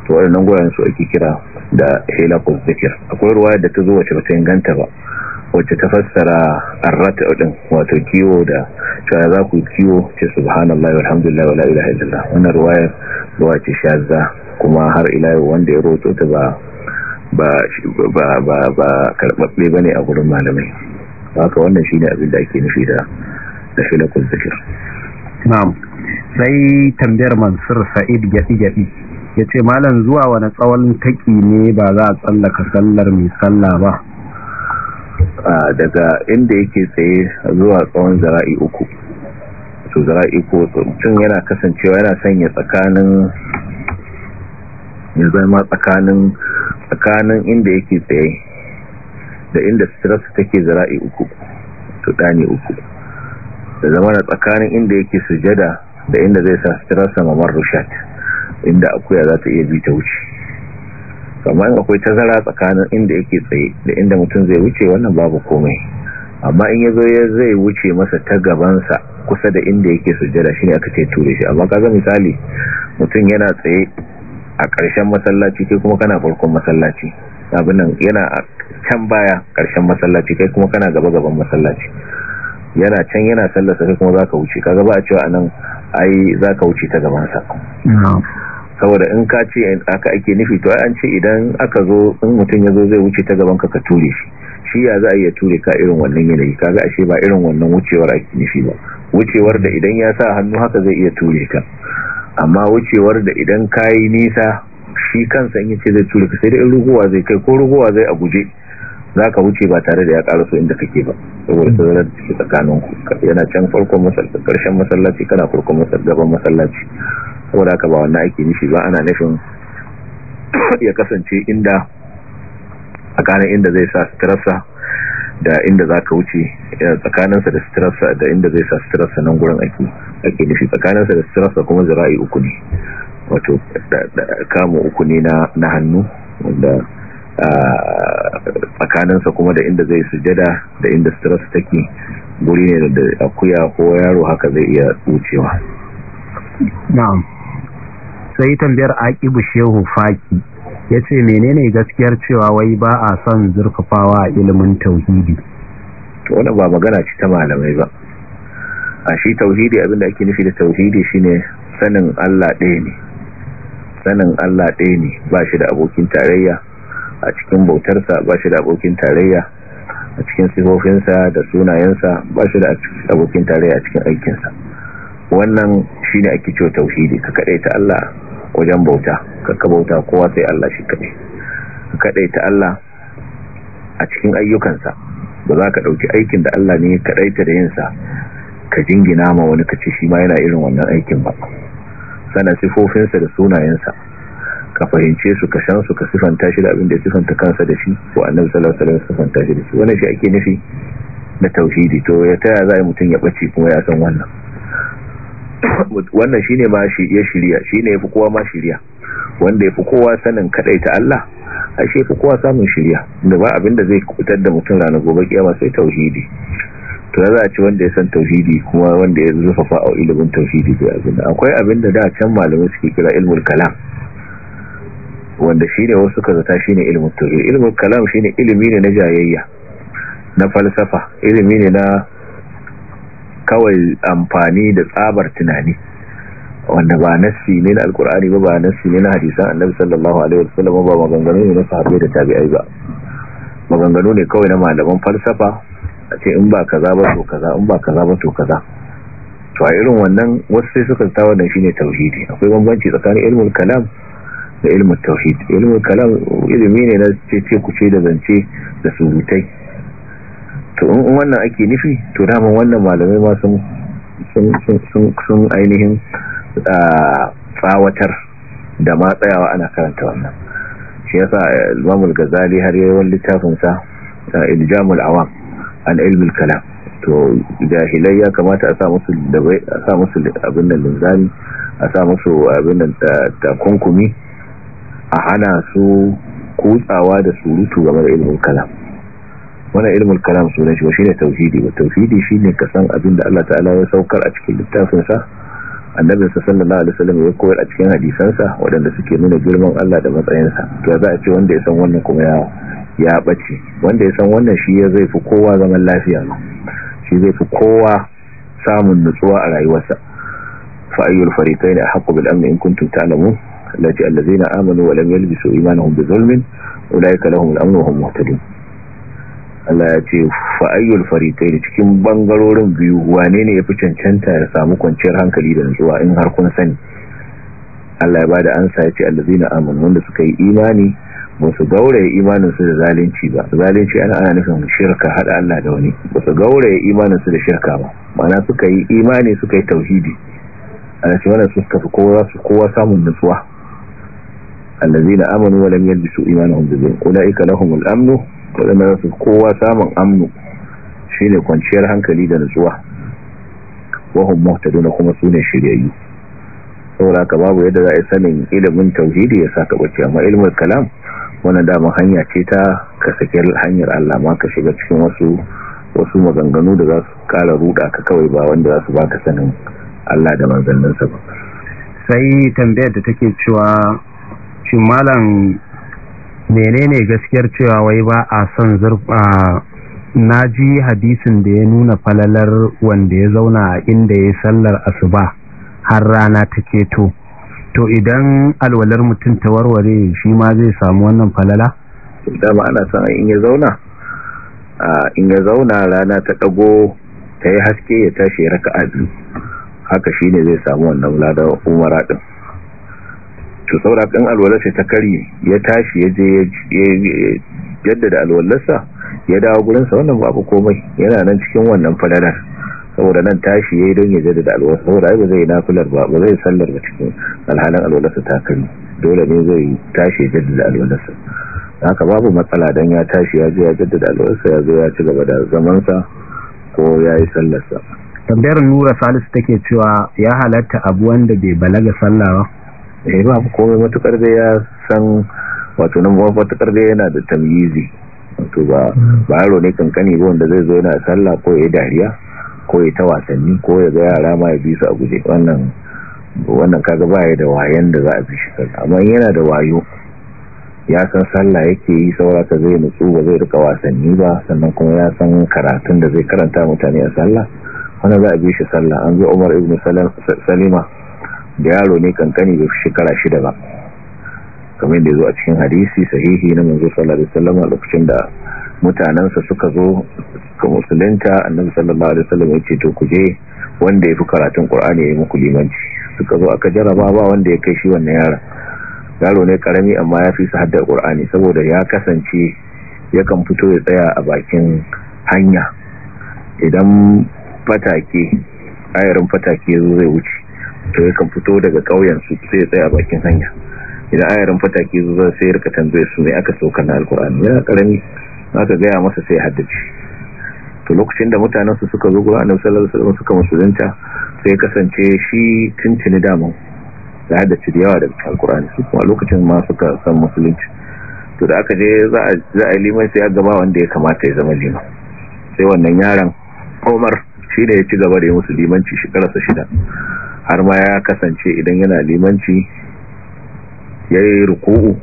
[SPEAKER 3] to wannan goyen su ake kira da hilakul zikr akwai ruwaya da ta zo wacce bata inganta ba wacce ta fassara arrat din wato kiwo da cewa za ku kiwo ce subhanallahi walhamdulillahi wala ilaha illallah wannan ruwayar ruwaya ce shazza kuma har ila wanda ya roto ta ba ba ba ba karɓaɓɓe ba ne a wurin malamai haka wannan shi ne abin ake nufi da da filakun zikir
[SPEAKER 2] na'am sai tambayar mansur sa'id gyaɗi-gyaɗi ya ce malam zuwa wani tsawon taƙi ne ba za a tsallaka sallar mai sallah ba
[SPEAKER 3] daga inda yake tsaye zuwa tsawon zara'i uku to zara'i ko tsuntun yana kasancewa yana sanya tsakanin ya zama tsakanin tsakanin inda yake tsaye da inda suturarsa take zara'i uku to ɗani uku da zama na tsakanin inda yake sujada da inda zai sa suturarsa mamar rushat inda akuya za ta iya bi ta wuce kamar akwai tazara tsakanin inda yake tsaye da inda mutum zai wuce wannan babu komai amma in ya zo ya zai wuce masa ta gabansa kusa da inda yake sujada ne aka ce ture shi amma ka ga misali mutum yana tsaye a karshen masallaci kai kuma kana farkon masallaci abinan yana a can baya karshen masallaci kai kuma kana gaba gaban masallaci yana can yana sallarsa kai kuma za ka wuce ka gaba a cewa anan ai za ka wuce ta gabansa saboda in ka ce aka ake nufi to an ce idan aka zo in mutum ya zo zai wuce ta gaban ka ka ture shi shi ya za a iya ture ka irin wannan yanayi kaga ashe ba irin wannan wucewar ake nufi ba wucewar da idan ya sa hannu haka zai iya ture ka amma wucewar da idan kayi nisa shi kansa in ce zai tura sai da ruguwa zai kai ko ruguwa zai a guje za ka wuce ba tare da ya so inda kake ba saboda tazarar da ke tsakanin yana can farkon masallaci karshen masallaci kana farkon gaban masallaci saboda haka ba wannan ake nishi ba ana nufin ya kasance inda a inda zai sa stressa da inda za ka wuce eh, tsakaninsa da stressa da inda zai sa stressa nan gurin ake nufi tsakaninsa da stressa kuma zira'i uku ne wato kamun uku ne na hannu wanda ah, tsakaninsa kuma da inda zai sujada da inda stress take guri ne da akuya ko yaro haka zai iya wucewa
[SPEAKER 2] na'am sai tambayar aqibu shehu faƙi ya ce menene gaskiyar cewa wai ba a son zurfafawa a ilimin tauhidi
[SPEAKER 3] wani ba magana ci ta malamai ba a shi tauhidi abinda ake nufi da tauhidi shine sanin Allah ɗaya ne sanin Allah ɗaya ne ba shi da abokin tarayya a cikin bautarsa ba shi da abokin tarayya a cikin sifofinsa da sunayensa ba shi da abokin tarayya a cikin aikinsa wannan shine ake cewa tauhidi ka ta Allah wajen bauta kakka bauta kowa sai Allah shi kaɗai kaɗai ta Allah a cikin ayyukansa ba za ka ɗauki aikin da Allah ne kaɗai ta da yinsa ka jingina ma wani ka ce shi ma yana irin wannan aikin ba sana sifofinsa da sunayensa ka fahimce su ka shan su ka sifanta shi da abin da sifanta kansa da shi ko annabi sallallahu alaihi sifanta shi da shi wannan shi ake nufi na tauhidi to ya taya za a mutum ya bace kuma ya san wannan wannan shine ma shi ya shirya shine yafi kowa ma shirya wanda yafi kowa sanin kadaita Allah ashe yafi kowa samun shirya da ba abinda zai kutar da mutum ranar gobe kiyama sai tauhidi to za a ci wanda ya san tauhidi kuma wanda ya zurfafa a ilimin tauhidi bai abinda akwai abinda da can malamai suke kira ilmul kalam wanda shine wasu suka zata shine ilmul tauhid ilmul kalam shine ilimi ne na jayayya na falsafa ilimi ne na kawai amfani da tsabar tunani wanda ba nassi ne na alkur'ani ba ba nassi ne na hadisan annabi sallallahu alaihi wasallam ba maganganu ne na sahabbai da tabi'ai ba maganganu ne kawai na malaman falsafa a ce in ba kaza ba to kaza in ba kaza ba to kaza to a irin wannan wasu sai suka tawa da shine tauhidi akwai bambanci tsakanin ilmul kalam da ilmul tauhid ilmul kalam ilimi ne na ce ce ku ce da zance da surutai to in wannan ake nufi to daman wannan malamai ma sun sun ainihin tsawatar da ma tsayawa ana karanta wannan shi yasa al-Imam eh, ghazali har yayin littafin sa Iljamul Awam al-Ilm al-Kalam to jahilai ya kamata a sa musu a sa musu abin nan linzami a sa musu abin nan eh, kunkumi a hana su kutsawa da surutu game da ilmin kalam wannan ilmul kalam sunan shi shine tauhidi wa tauhidi shine ka san abin da Allah ta'ala ya saukar a cikin littafin sa annabi sallallahu alaihi wasallam ya koyar a cikin hadisan sa waɗanda suke nuna girman Allah da matsayin sa to za a ce wanda ya san wannan kuma ya ya bace wanda ya san wannan shi ya zai fi kowa zaman lafiya shi zai fi kowa samun nutsuwa a rayuwarsa fa ayyul fariqayn ahqqu bil amn in kuntum ta'lamun allati allazina amanu wa lam yalbisu imanuhum bi zulmin ulaika lahum al-amn wa hum muhtadun Allah ya ce fa'ayyul da cikin bangarorin biyu wane ne yafi cancanta ya samu kwanciyar hankali da nutsuwa in har kun sani Allah ya bada ansa ya ce allazina amanu wanda suka yi imani ba su gauraya imaninsu da zalunci ba zalunci ana ana nufin shirka hada Allah da wani ba su gauraya imaninsu da shirka ba mana suka yi imani suka yi tauhidi ana ce su suka fi kowa su kowa samun nutsuwa allazina amanu wa lam yalbisu imanuhum bi dhulm lahumul amnu waɗanda za kowa samun amnu shi ne kwanciyar hankali da nutsuwa wahun na kuma su ne shiryayyu saboda haka babu yadda za a yi sanin ilimin tauhidi ya sa ka bacci amma ilimin kalam wani damar hanya ce ta ka sake hanyar Allah ma ka shiga cikin wasu wasu maganganu da za su kala ruda ka kawai ba wanda za su ba ka sanin Allah da manzanninsa ba
[SPEAKER 2] sai tambayar da take cewa shin malam menene gaskiyar cewa wai ba a son zurfa na ji hadisin da ya nuna falalar wanda ya zauna a inda ya sallar asuba har rana ta keto to idan alwalar mutum ta warware shi ma zai samu wannan falala?
[SPEAKER 3] dama ana son in ya zauna in ya zauna rana ta ɗago ta yi haske ya tashi raka biyu haka shi ne zai samu wannan ladar umara ɗin to saboda kan alwalarsa ta kari ya tashi ya je jaddada alwalarsa ya dawo gurinsa wannan babu komai yana nan cikin wannan fadadar saboda nan tashi ya yi don ya jaddada alwalarsa saboda ba zai nafilar ba ba zai sallar ba cikin alhalin alwalarsa ta kari dole ne zai tashi ya jaddada alwalarsa haka babu matsala don ya tashi ya je ya jaddada alwalarsa ya zo ya ci gaba da zamansa ko ya yi sallarsa
[SPEAKER 2] tambayar nura salisu take cewa ya halatta abu wanda bai balaga sallah ba eh ba komai matukar da ya san wato nan
[SPEAKER 3] matukar da yana da tamyizi wato ba ba yaro ne kankani ba wanda zai zo yana sallah ko ya dariya ko ya ta wasanni ko ya ga yara ma ya bi su a guje wannan wannan kaga ya da wayan da za a bi shi amma yana da wayo ya san sallah yake yi saura ta zai nutsu ba zai rika wasanni ba sannan kuma ya san karatun da zai karanta mutane a sallah wanda za a bi shi sallah an zo umar ibn salima da yaro ne kankani bai shekara shida ba kamar da zo a cikin hadisi sahihi na manzo sallallahu alaihi wasallam lokacin da mutanansa suka zo ga musulunta annabi sallallahu alaihi wasallam ya ce to ku je wanda yafi karatun qur'ani ya yi muku limanci suka zo aka jaraba ba wanda ya kai shi wannan yaron yaro ne karami amma ya fi su qur'ani saboda ya kasance yakan fito ya tsaya a bakin hanya idan fataki ayarin fatake zai wuce to kan fito daga kauyen su sai tsaya bakin hanya idan ayarin fataki zuwa sai rika tambaye su mai aka sauka na alkur'ani yana karami aka gaya masa sai haddace to lokacin da mutanen su suka zo gura annabi sallallahu alaihi wasallam suka musulunta sai kasance shi tuntuni dama da haddace da yawa daga alkur'ani su kuma lokacin ma suka san musulunci to da aka je za a za a liman sai a gaba wanda ya kamata ya zama liman sai wannan yaron Umar shi ne ya ci gaba da yi musulmanci sa shida har ma ya kasance idan yana limanci ya yi ruku'u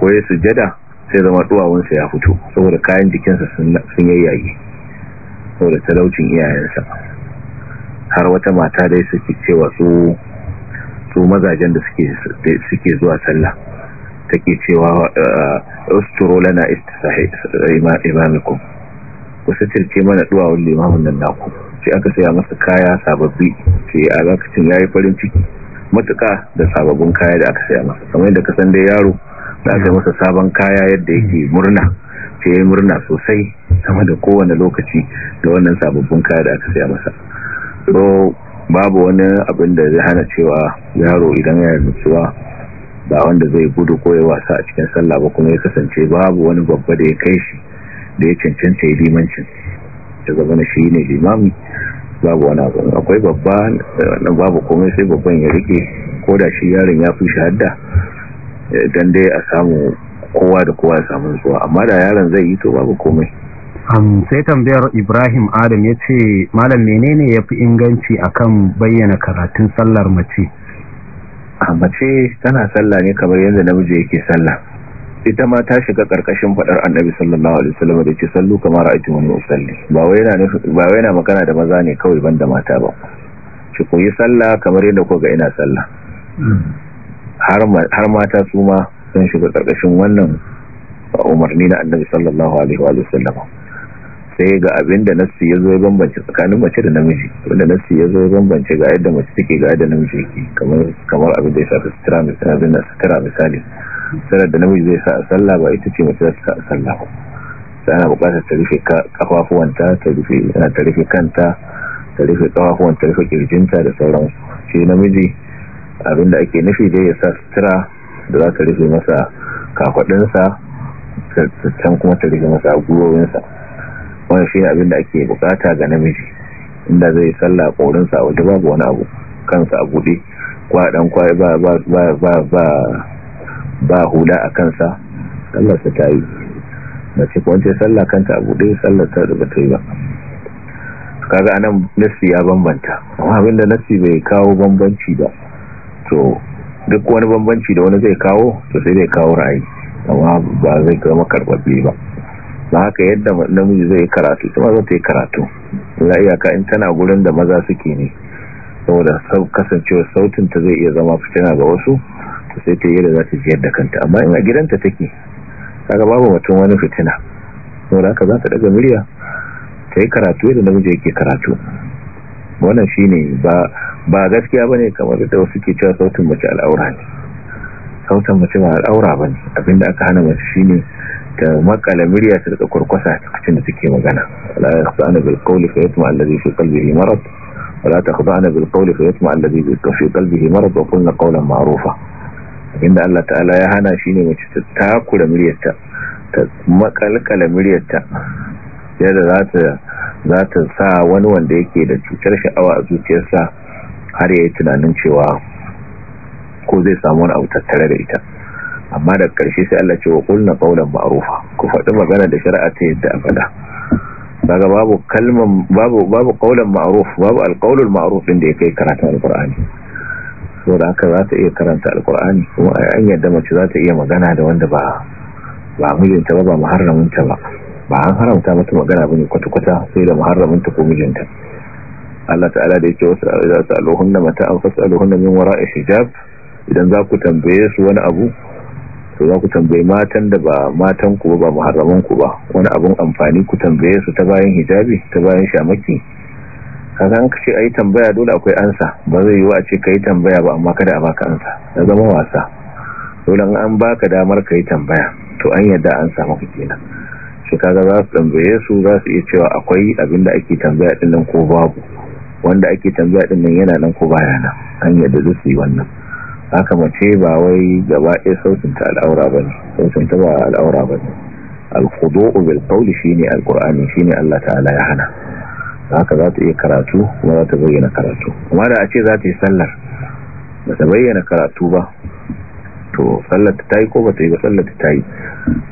[SPEAKER 3] ko ya sujada sai zama duwawansa ya fito saboda kayan jikinsa sun yayyage saboda talaucin iyayensa har wata mata dai suke cewa su mazajen da suke zuwa sallah take cewa eh, usturo lana istisahi imamikum ku sitirce mana duwawan limamin nan naku sai aka saya masa kaya sababbi ce a lokacin yayi farin ciki matuka da sababbin kaya da aka saya masa kamar yadda kasan da yaro da aka masa sabon kaya yadda yake murna ce ya murna sosai sama da kowane lokaci da wannan sababbin kaya da aka saya masa so babu wani abin da zai hana cewa yaro idan ya nutsuwa ba wanda zai gudu ko ya wasa a cikin sallah ba kuma ya kasance babu wani babba da ya kai shi da ya cancanta ya limancin ya zama na shi ne limami babu wani abu akwai babban babu komai sai babban ya rike ko da shi yaron ya fi shahada eh, don dai a samu kowa da kowa ya zuwa amma da yaron zai yi to babu komai
[SPEAKER 2] sai tambayar ibrahim adam ya ce malam menene ya fi inganci akan bayyana karatun sallar mace
[SPEAKER 3] a mace tana sallah ne kamar yadda namiji yake sallah ita ma ta shiga karkashin fadar annabi sallallahu alaihi wasallam da sallu kamar ra'aytumuni usalli ba wai yana ba wai magana da maza ne kawai banda mata ba ki koyi sallah kamar yadda ko ga ina sallah har har mata su ma sun shiga karkashin wannan umarni na annabi sallallahu alaihi wasallam sai ga abinda nassi yazo ya bambance tsakanin mace da namiji wanda nassi yazo ya bambance ga yadda mace take ga yadda namiji kamar kamar abin da ya shafi sutura misali sanar da namiji zai sa a sallah ba ita ce mace za ta sa a sallah ta ana bukatar ta rufe kafafuwanta ta rufe kanta ta rufe kafafuwan ta rufe kirjinta da sauransu shi namiji abinda ake nufi dai ya sa sutura da za ta rufe masa kakwadinsa can kuma ta rufe masa gwiwowinsa wani shi abinda ake bukata ga namiji inda zai sallah korinsa a waje babu wani abu kansa a buɗe kwaɗan kwaye ba ba ba hula a kansa sallarsa ta yi mace kwanci salla kanta a ɗaya sallarsa da ba ta yi ba kaga anan nasi ya bambanta amma abinda nasi bai kawo bambanci ba to duk wani bambanci da wani zai kawo to sai zai kawo ra'ayi amma ba zai kama karbabbe ba ba haka yadda namiji zai karatu kuma zai ta yi karatu la iyaka in tana gurin da maza suke ne saboda kasancewar sautin ta zai iya zama fitina ga wasu to sai ta yi da za ta ciyar da kanta amma in a gidanta take kaga babu mutum wani fitina saboda haka za ta daga murya ta yi karatu yadda namiji yake karatu wannan shine ba ba gaskiya bane kamar da wasu ke cewa sautin mace al'aura ne sautin mace ba al'aura bane abinda aka hana mace shine ta makala murya ta rika kurkusa cikin da take magana la yaqsana bil qawli fa yatma alladhi fi qalbihi marad ولا تخضعن بالقول فيطمع الذي في قلبه مرض وقلن قولا معروفا inda Allah ta'ala ya hana shi ne mace ta takura muryarta ta makalkala muryarta yadda za ta za ta sa wani wanda yake da cutar sha'awa a zuciyarsa har ya yi tunanin cewa ko zai samu wani abu tattare da ita amma da ƙarshe sai Allah ce wa kulna qaulan ma'rufa ku faɗi magana da shari'a ta yadda a faɗa daga babu kalman babu babu qaulan ma'ruf babu alqaulul ma'ruf din da yake karatun alqur'ani saboda haka za ta iya karanta alkur'ani kuma a yan yadda mace za ta iya magana da wanda ba ba mijinta ba ba muharraminta ba ba an haramta mata magana bane kwata-kwata sai da maharaminta. ko mijinta Allah ta'ala da yake wasu za su aluhunna mata an alohun aluhunna min hijab idan za ku tambaye su wani abu to za ku tambaye matan da ba matan ku ba ba ba wani abun amfani ku tambaye su ta bayan hijabi ta bayan shamaki kaga an kace ayi tambaya dole akwai ansa ba zai yi wa a ce kai tambaya ba amma kada a baka ansa na zama wasa dole an baka damar kai tambaya to an yadda an samu kenan shi kaga za su tambaye su za su iya cewa akwai abinda ake tambaya din nan ko babu wanda ake tambaya din nan yana nan ko baya nan an yadda da su yi wannan haka mace ba wai gaba ɗaya sautin ta al'aura bane sautin ta ba al'aura bane al-khudu'u bil qawli shine al-qur'ani shine Allah ta'ala ya hana haka za ta iya karatu kuma za ta bayyana karatu kuma da a ce za ta yi sallar ba ta bayyana karatu ba to sallar ta yi ko ba ta yi ba sallar ta yi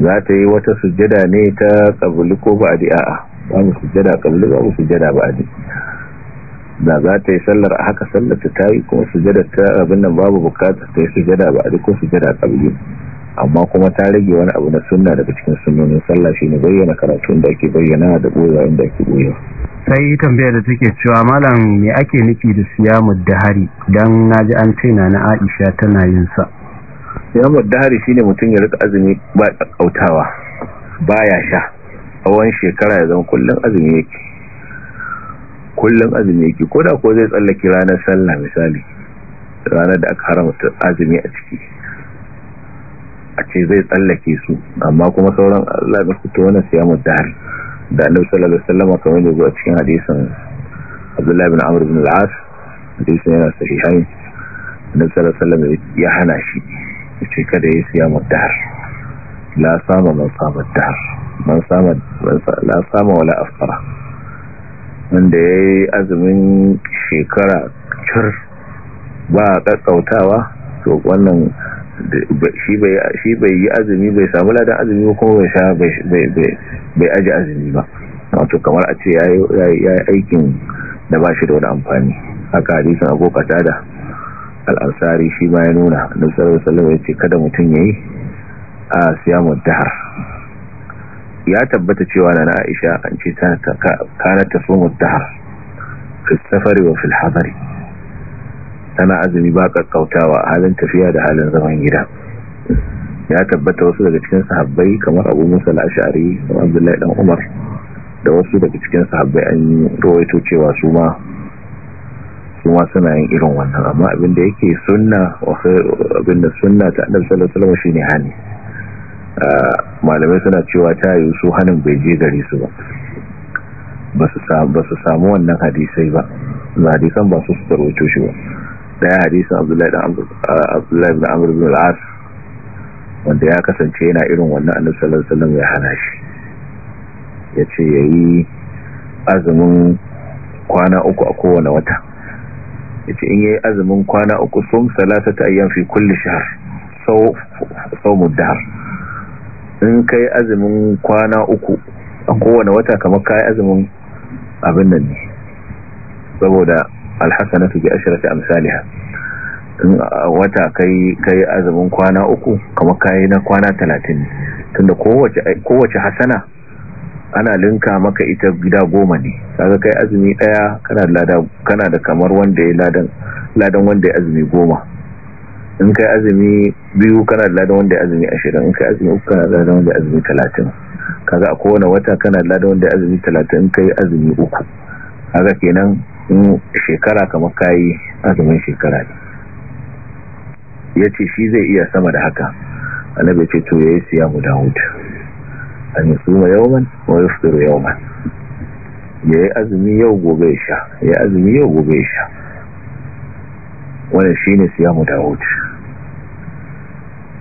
[SPEAKER 3] za ta yi wata sujjada ne ta kabuli ko ba a di a'a ba mu sujjada kabuli ba mu sujjada ba a di da za ta yi sallar a haka sallar ta ta yi kuma sujjada ta abin nan babu bukatar ta yi sujjada ba a di ko sujjada kabuli amma kuma ta rage wani abu na sunna daga cikin sunnonin sallah ne bayyana karatun da ake bayyana da boyewa inda ake
[SPEAKER 2] boyewa sai tambayar da take cewa malam me ake nufi da siyamud dahari dan naji an ce na Aisha tana yin sa
[SPEAKER 3] siyamud dahari shine mutum ya rika azumi ba kautawa baya sha wani shekara ya zama kullun azumi yake kullun azumi yake koda ko zai tsallake ranar sallah misali ranar da aka haramta azumi a ciki a ce zai tsallake su amma kuma sauran Allah ya kuto wannan siyamud dahari da annabi sallallahu alaihi wasallam kamar da zuwa cikin hadisin Abdullah ibn Amr ibn al-As hadisin yana sahihai annabi sallallahu alaihi wasallam ya hana shi yace kada ya siya mudar la sama man sama dar man sama la sama wala afṭara wanda yayi azumin shekara cur ba kakkautawa to wannan shi bai yi azumi bai samu ladan azumi ba kuma bai sha bai aji azumi ba wato kamar a ce ya yi aikin da ba shi da wani amfani haka hadisun abokata da al'ansari shi ma ya nuna da tsarar salama ya ce kada mutum ya yi a siyamun dahar ya tabbata cewa na na aisha an ce ta kanata sumun mutahar fi safari wa fil ana azumi ba kakkautawa halin tafiya da halin zaman gida ya tabbata wasu daga cikin sahabbai kamar abu musa la'ashari da abdullahi dan umar da wasu daga cikin sahabbai an rawaito cewa su ma su ma suna yin irin wannan amma abinda yake sunna abinda sunna ta annabi sallallahu alaihi wasallam shine hani malamai suna cewa ta yi su hanin bai je gare su ba ba su samu wannan hadisai ba hadisan ba su su tarwato shi ba daya hadisin abdullahi da amur bin al wanda ya kasance yana irin wannan annabi sallallahu alaihi wasallam ya hana shi yace yayi azumin kwana uku a kowane wata Ya ce in yi azumin kwana uku salata ta ayyan fi kulle shahar, sau sawmud dahr in yi azumin kwana uku a kowane wata kamar ka yi azumin abin nan ne saboda alhasanatu bi ashrati amsalha in wata kai kai azumin kwana uku kamar kai na kwana 30 tunda kowace kowace hasana ana linka maka ita gida goma ne kaga kai azumi daya kana lada kana da kamar wanda ya ladan ladan wanda ya azumi goma in kai azumi biyu kana da ladan wanda ya azumi 20 in kai azumi uku kana da ladan wanda ya azumi 30 kaga a kowane wata kana da ladan wanda ya azumi 30 in kai azumi uku kaga kenan in shekara kamar kayi azumin shekara ne ya ce shi zai iya sama da haka annabi ce to yayi siyamu dawud an yusuma yawman wa yufṭiru yawman yayi azumi yau gobe ya sha yayi azumi yau gobe ya sha wannan shine da dawud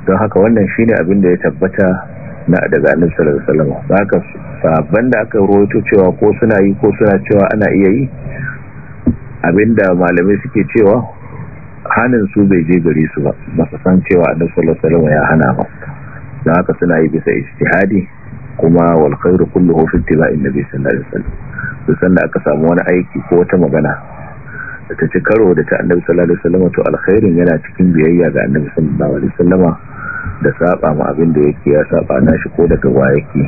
[SPEAKER 3] don haka wannan shine abin da ya tabbata na daga annabi sallallahu alaihi wasallam haka sabban da aka rawaito cewa ko suna yi ko suna cewa ana iya yi abinda malamai suke cewa hannun su bai je gare su ba masu san cewa annabi sallallahu ya hana ba dan haka suna yi bisa istihadi. kuma Walƙairu khairu kulluhu fi ittiba'in nabi sallallahu alaihi wasallam da aka samu wani aiki ko wata magana da ta ci karo da ta annabi sallallahu alaihi to alkhairin yana cikin biyayya ga annabi sallallahu alaihi da saba ma abin da yake ya saba nashi ko daga yake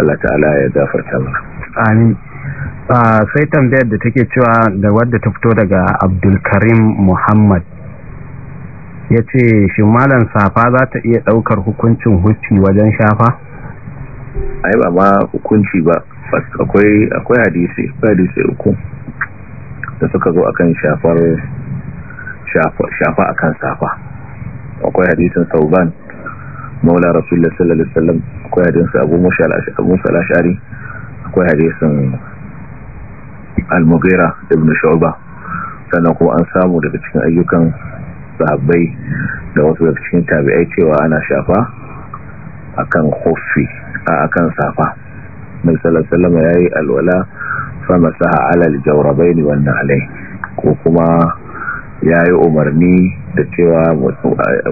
[SPEAKER 3] Allah ta'ala ya gafarta mana
[SPEAKER 2] amin sai tambayar da take cewa da wadda ta fito daga abdulkarim muhammad ya ce shi malam safa za ta iya daukar hukuncin huci wajen shafa?
[SPEAKER 3] ai ba ma hukunci ba akwai hadisi hadisi uku da suka zo akan shafar shafa akan safa akwai hadisin sauban maula rasulullah sallallahu alaihi wasallam akwai hadisin abu musa al-ashari akwai hadisin al da ibn shu'ba sannan kuma an samu daga cikin ayyukan sahabbai da wasu daga cikin tabi'ai cewa ana shafa akan khuffi a akan safa mai sallallahu yayi alwala fa masaha ala al-jawrabayn wan na'layn ko kuma yayi umarni da cewa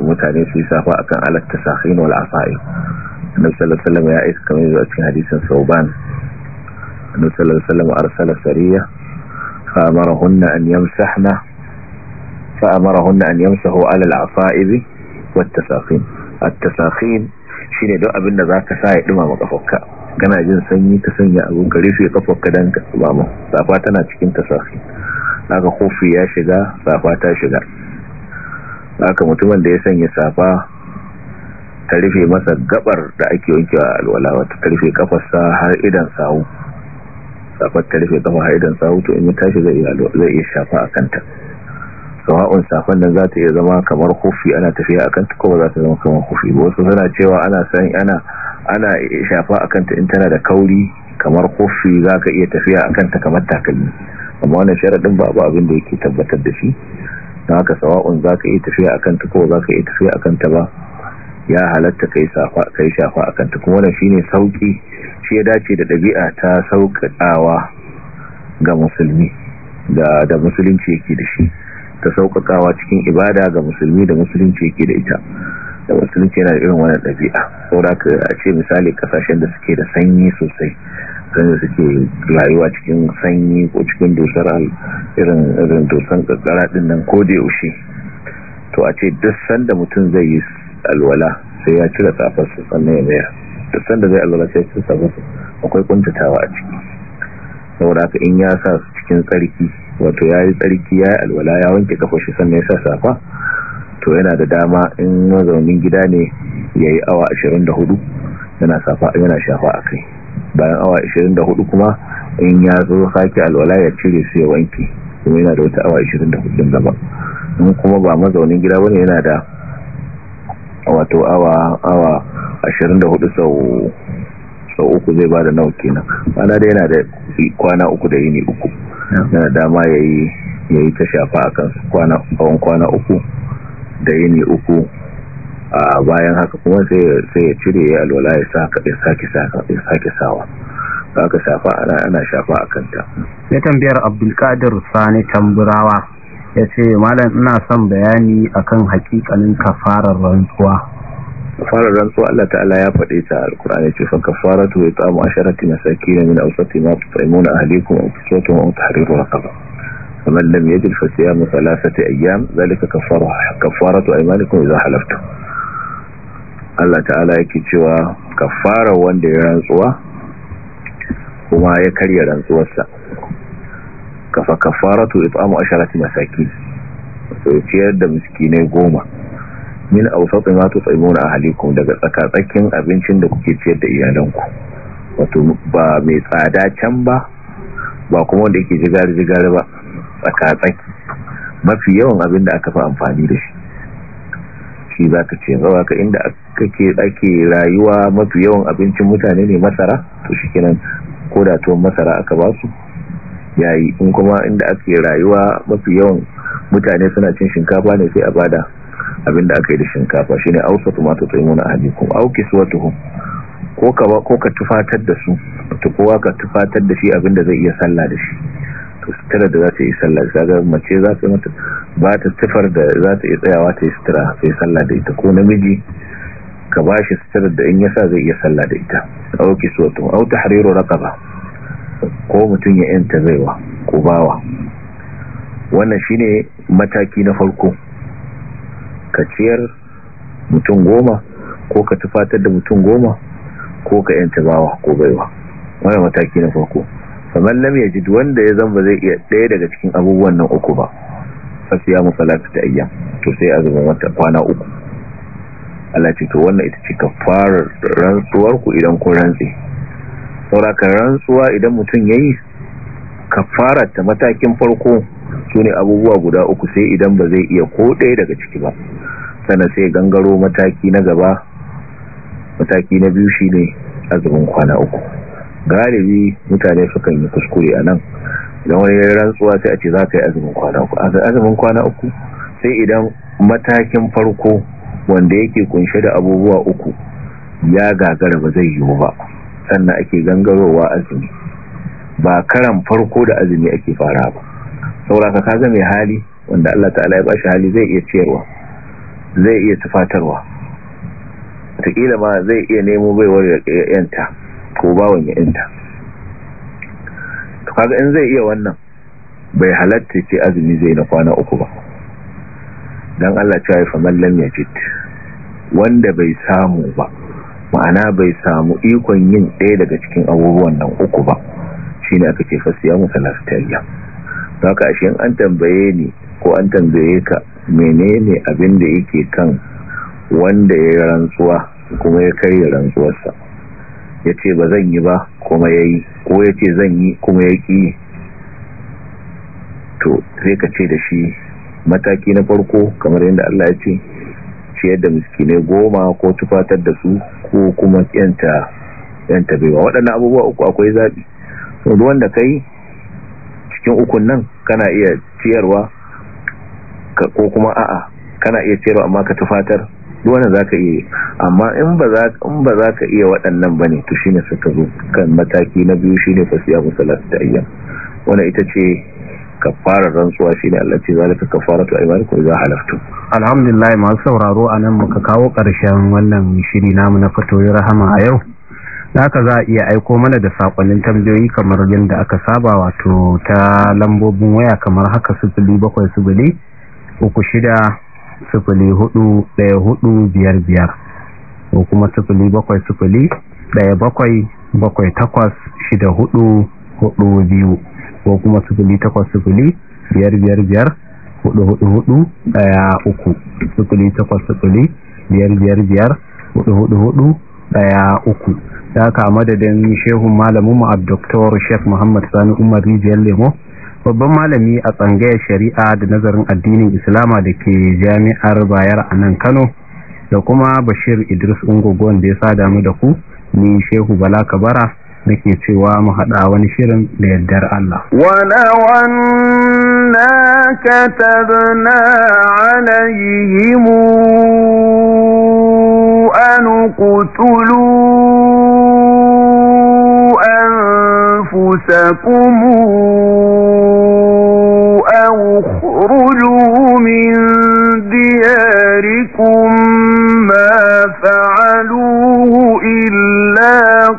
[SPEAKER 3] mutane su yi safa akan alatta tasakhin wal asa'i annabi sallallahu alaihi wasallam ya iska mai zuwa cikin hadisin sauban annabi sallallahu alaihi wasallam arsala sariya fa amarahunna an yamsahna fa amarahunna an yamsahu ala al-afa'ib wat-tasaqin at-tasaqin shine duk abin da zaka sa ya dima makafarka kana jin sanyi ka sanya abun ka rufe kafarka dan ka mu safa tana cikin tasaqin haka kofi ya shiga safa ta shiga haka mutumin da ya sanya safa ta rufe masa gabar da ake wankewa alwala wata ta rufe kafarsa har idan sawu safar ta rufe kafa har idan in ya tashi zai iya shafa a kanta sawa'un safan nan za ta iya zama kamar kofi ana tafiya a kanta ko za ta zama kamar kofi ba wasu suna cewa ana san ana ana shafa a kanta in tana da kauri kamar kofi za ka iya tafiya a kanta kamar takalmi amma wannan sharaɗin ba abu abin da yake tabbatar da shi don haka sawa'un za ka iya tafiya a kanta ko za ka iya tafiya a kanta ba ya halatta kai shafa a kanta kuma wannan shine sauki shi ya dace da ɗabi'a ta sauƙaƙawa ga musulmi da musulunci yake da shi ta sauƙaƙawa cikin ibada ga musulmi da musulunci yake da ita da musulunci yana da irin wani ɗabi'a saboda ka a ce misali ƙasashen da suke da sanyi sosai sanda suke rayuwa cikin sanyi ko cikin dusar irin dusan ƙaƙara ɗin nan ko da yaushe to a ce duk sanda mutum zai yi alwala sai ya cire tsafarsa sannan ya mayar duk sanda zai alwala sai sun samu akwai kuntatawa a ciki saboda haka in ya sa su cikin tsarki wato ya yi tsarki ya yi alwala ya wanke shi sannan ya sa safa to yana da dama in mazaunin gida ne ya yi awa 24 yana shafa a kai bayan awa 24 kuma in ya zo sake alwala ya cire su ya wanke kuma yana da wata awa 24 din gaba in kuma ba mazaunin gida bane yana da wato awa awa 24 sau sau uku zai bada nawa kenan ana da yana da kwana uku da yini uku yana dama yayi yayi ta shafa akan kwana kwana uku da yini uku a bayan haka kuma sai sai ya cire ya alwala ya saka ya saki saka ya sawa shafa ana shafa akan
[SPEAKER 2] ta ya tambayar Abdulkadir Sani Tamburawa ya ce malam ina son bayani akan hakikalin kafarar rantsuwa
[SPEAKER 3] kafarar rantsuwa Allah ta'ala ya faɗe ta alkur'ani ya ce fa kafaratu ya ta'amu asharati masakin min awsati ma tut'imuna ahlikum aw tusutu aw tahriru raqaba faman lam yajid fa siyamu thalathati ayyam zalika kafaratu kafaratu aymanikum idha halaftum Allah ta'ala yake cewa kafarar wanda ya rantsuwa kuma ya karya rantsuwarsa kafa kafaratu it'amu asharati masakin to ciyar da miskinai goma min awsati ma tusaymuna ahlikum daga tsaka tsakin abincin da kuke ciyar da iyalanku wato ba mai tsada can ba ba kuma wanda yake jigari jigari ba tsaka tsaki mafi yawan abin da aka fi amfani da shi shi zaka ce zawa ka inda kake ake rayuwa mafi yawan abincin mutane ne masara to kenan ko da tuwon masara aka ba su yayi in kuma inda ake rayuwa mafi yawan mutane suna cin shinkafa ne sai a bada abinda aka yi da shinkafa shine ausa tomato taimuna ahlikum au kiswatuhum ko ka ko ka tufatar da su ta kowa ka tufatar da shi abinda zai iya sallah da shi to sutura da za ta yi sallah kaga mace za ta mata ba ta tufar da za ta yi tsayawa ta yi sutura sai sallah da ita ko namiji ka ba shi sutura da in yasa zai iya sallah da ita auki auta au raka ba ko mutum ya yanta baiwa ko bawa wannan shine mataki na farko ka ciyar mutum goma ko ka tufatar da mutum goma ko ka yanta bawa ko baiwa wannan mataki na farko kamar lam ji wanda ya zamba zai iya ɗaya daga cikin abubuwan nan uku ba fasiya mu ta da ayyam to sai azumin wata kwana uku Allah ce to wannan ita ce kafarar rantsuwar ku idan kun rantse saurakan rantsuwa idan mutum ya yi ta matakin farko su ne abubuwa guda uku sai idan ba zai iya ko ɗaya daga ciki ba sana sai gangaro mataki na gaba mataki na biyu shi ne azumin kwana uku galibi mutane sukan yi kuskure a nan idan wani rantsuwa sai a ce za ka yi azumin kwana uku azumin kwana uku sai idan matakin farko wanda yake kunshe da abubuwa uku ya gagara ba zai yiwu ba sannan ake gangarowa azumi ba karan farko da azumi ake fara ba sauraka ka zama hali wanda Allah ta'ala ya bashi hali zai iya ciyarwa zai iya tufatarwa wataƙila ma zai iya nemo baiwar yanta ko bawon yanta to kaga in zai iya wannan bai halatta ce azumi zai na kwana uku ba dan Allah ya fa mallam ya yajid wanda bai samu ba ma'ana bai samu ikon yin ɗaya daga cikin abubuwan nan uku ba shi ne aka ce fasiya mu talastariya za ka an tambaye ni ko an tambaye ka menene abin da yake kan wanda ya yi rantsuwa kuma ya kai rantsuwarsa ya ce ba zan yi ba kuma ya yi ko ya ce zan yi kuma ya ƙi to sai ka ce da shi mataki na farko kamar yadda Allah ya ce ciyar da miskinai goma ko tufatar da su ko kuma yanta yanta baiwa waɗannan abubuwa uku akwai zaɓi so duk wanda kai cikin ukun nan kana iya ciyarwa ko kuma a'a kana iya ciyarwa amma ka tufatar duk za ka iya amma in ba za ka iya waɗannan ba ne, to ne suka zo kan mataki na biyu shi ne fasiya musallat ta ayyam wannan ita ce kafarar rantsuwa shine Allah ce zalika kafaratu aymanikum idza halaftum
[SPEAKER 2] alhamdulillah ma sauraro anan muka kawo karshen wannan shiri namu na fatoyi rahama a yau haka za a iya aiko mana da sakonnin tambayoyi kamar yadda aka saba wato ta lambobin waya kamar haka sifili bakwai sifili uku shida sifili hudu daya hudu biyar biyar ko kuma sifili bakwai sifili daya bakwai bakwai takwas shida hudu hudu biyu ko kuma sufuli takwas sufuli biyar biyar biyar hudu hudu hudu daya uku sufuli takwas sufuli biyar biyar biyar hudu hudu hudu daya uku da haka madadin shehun malamin mu abdoktor shek muhammad sani umar rijiyar lemo babban malami a tsangayar shari'a da nazarin addinin islama da ke jami'ar bayar a nan kano da kuma bashir idris ungogon da ya sa damu da ku ni shehu bala kabara nake cewa mu haɗa wani shirin da yardar Allah
[SPEAKER 1] walawanna katabna alaihim an qutulu anfusakum aw khruju min diyarikum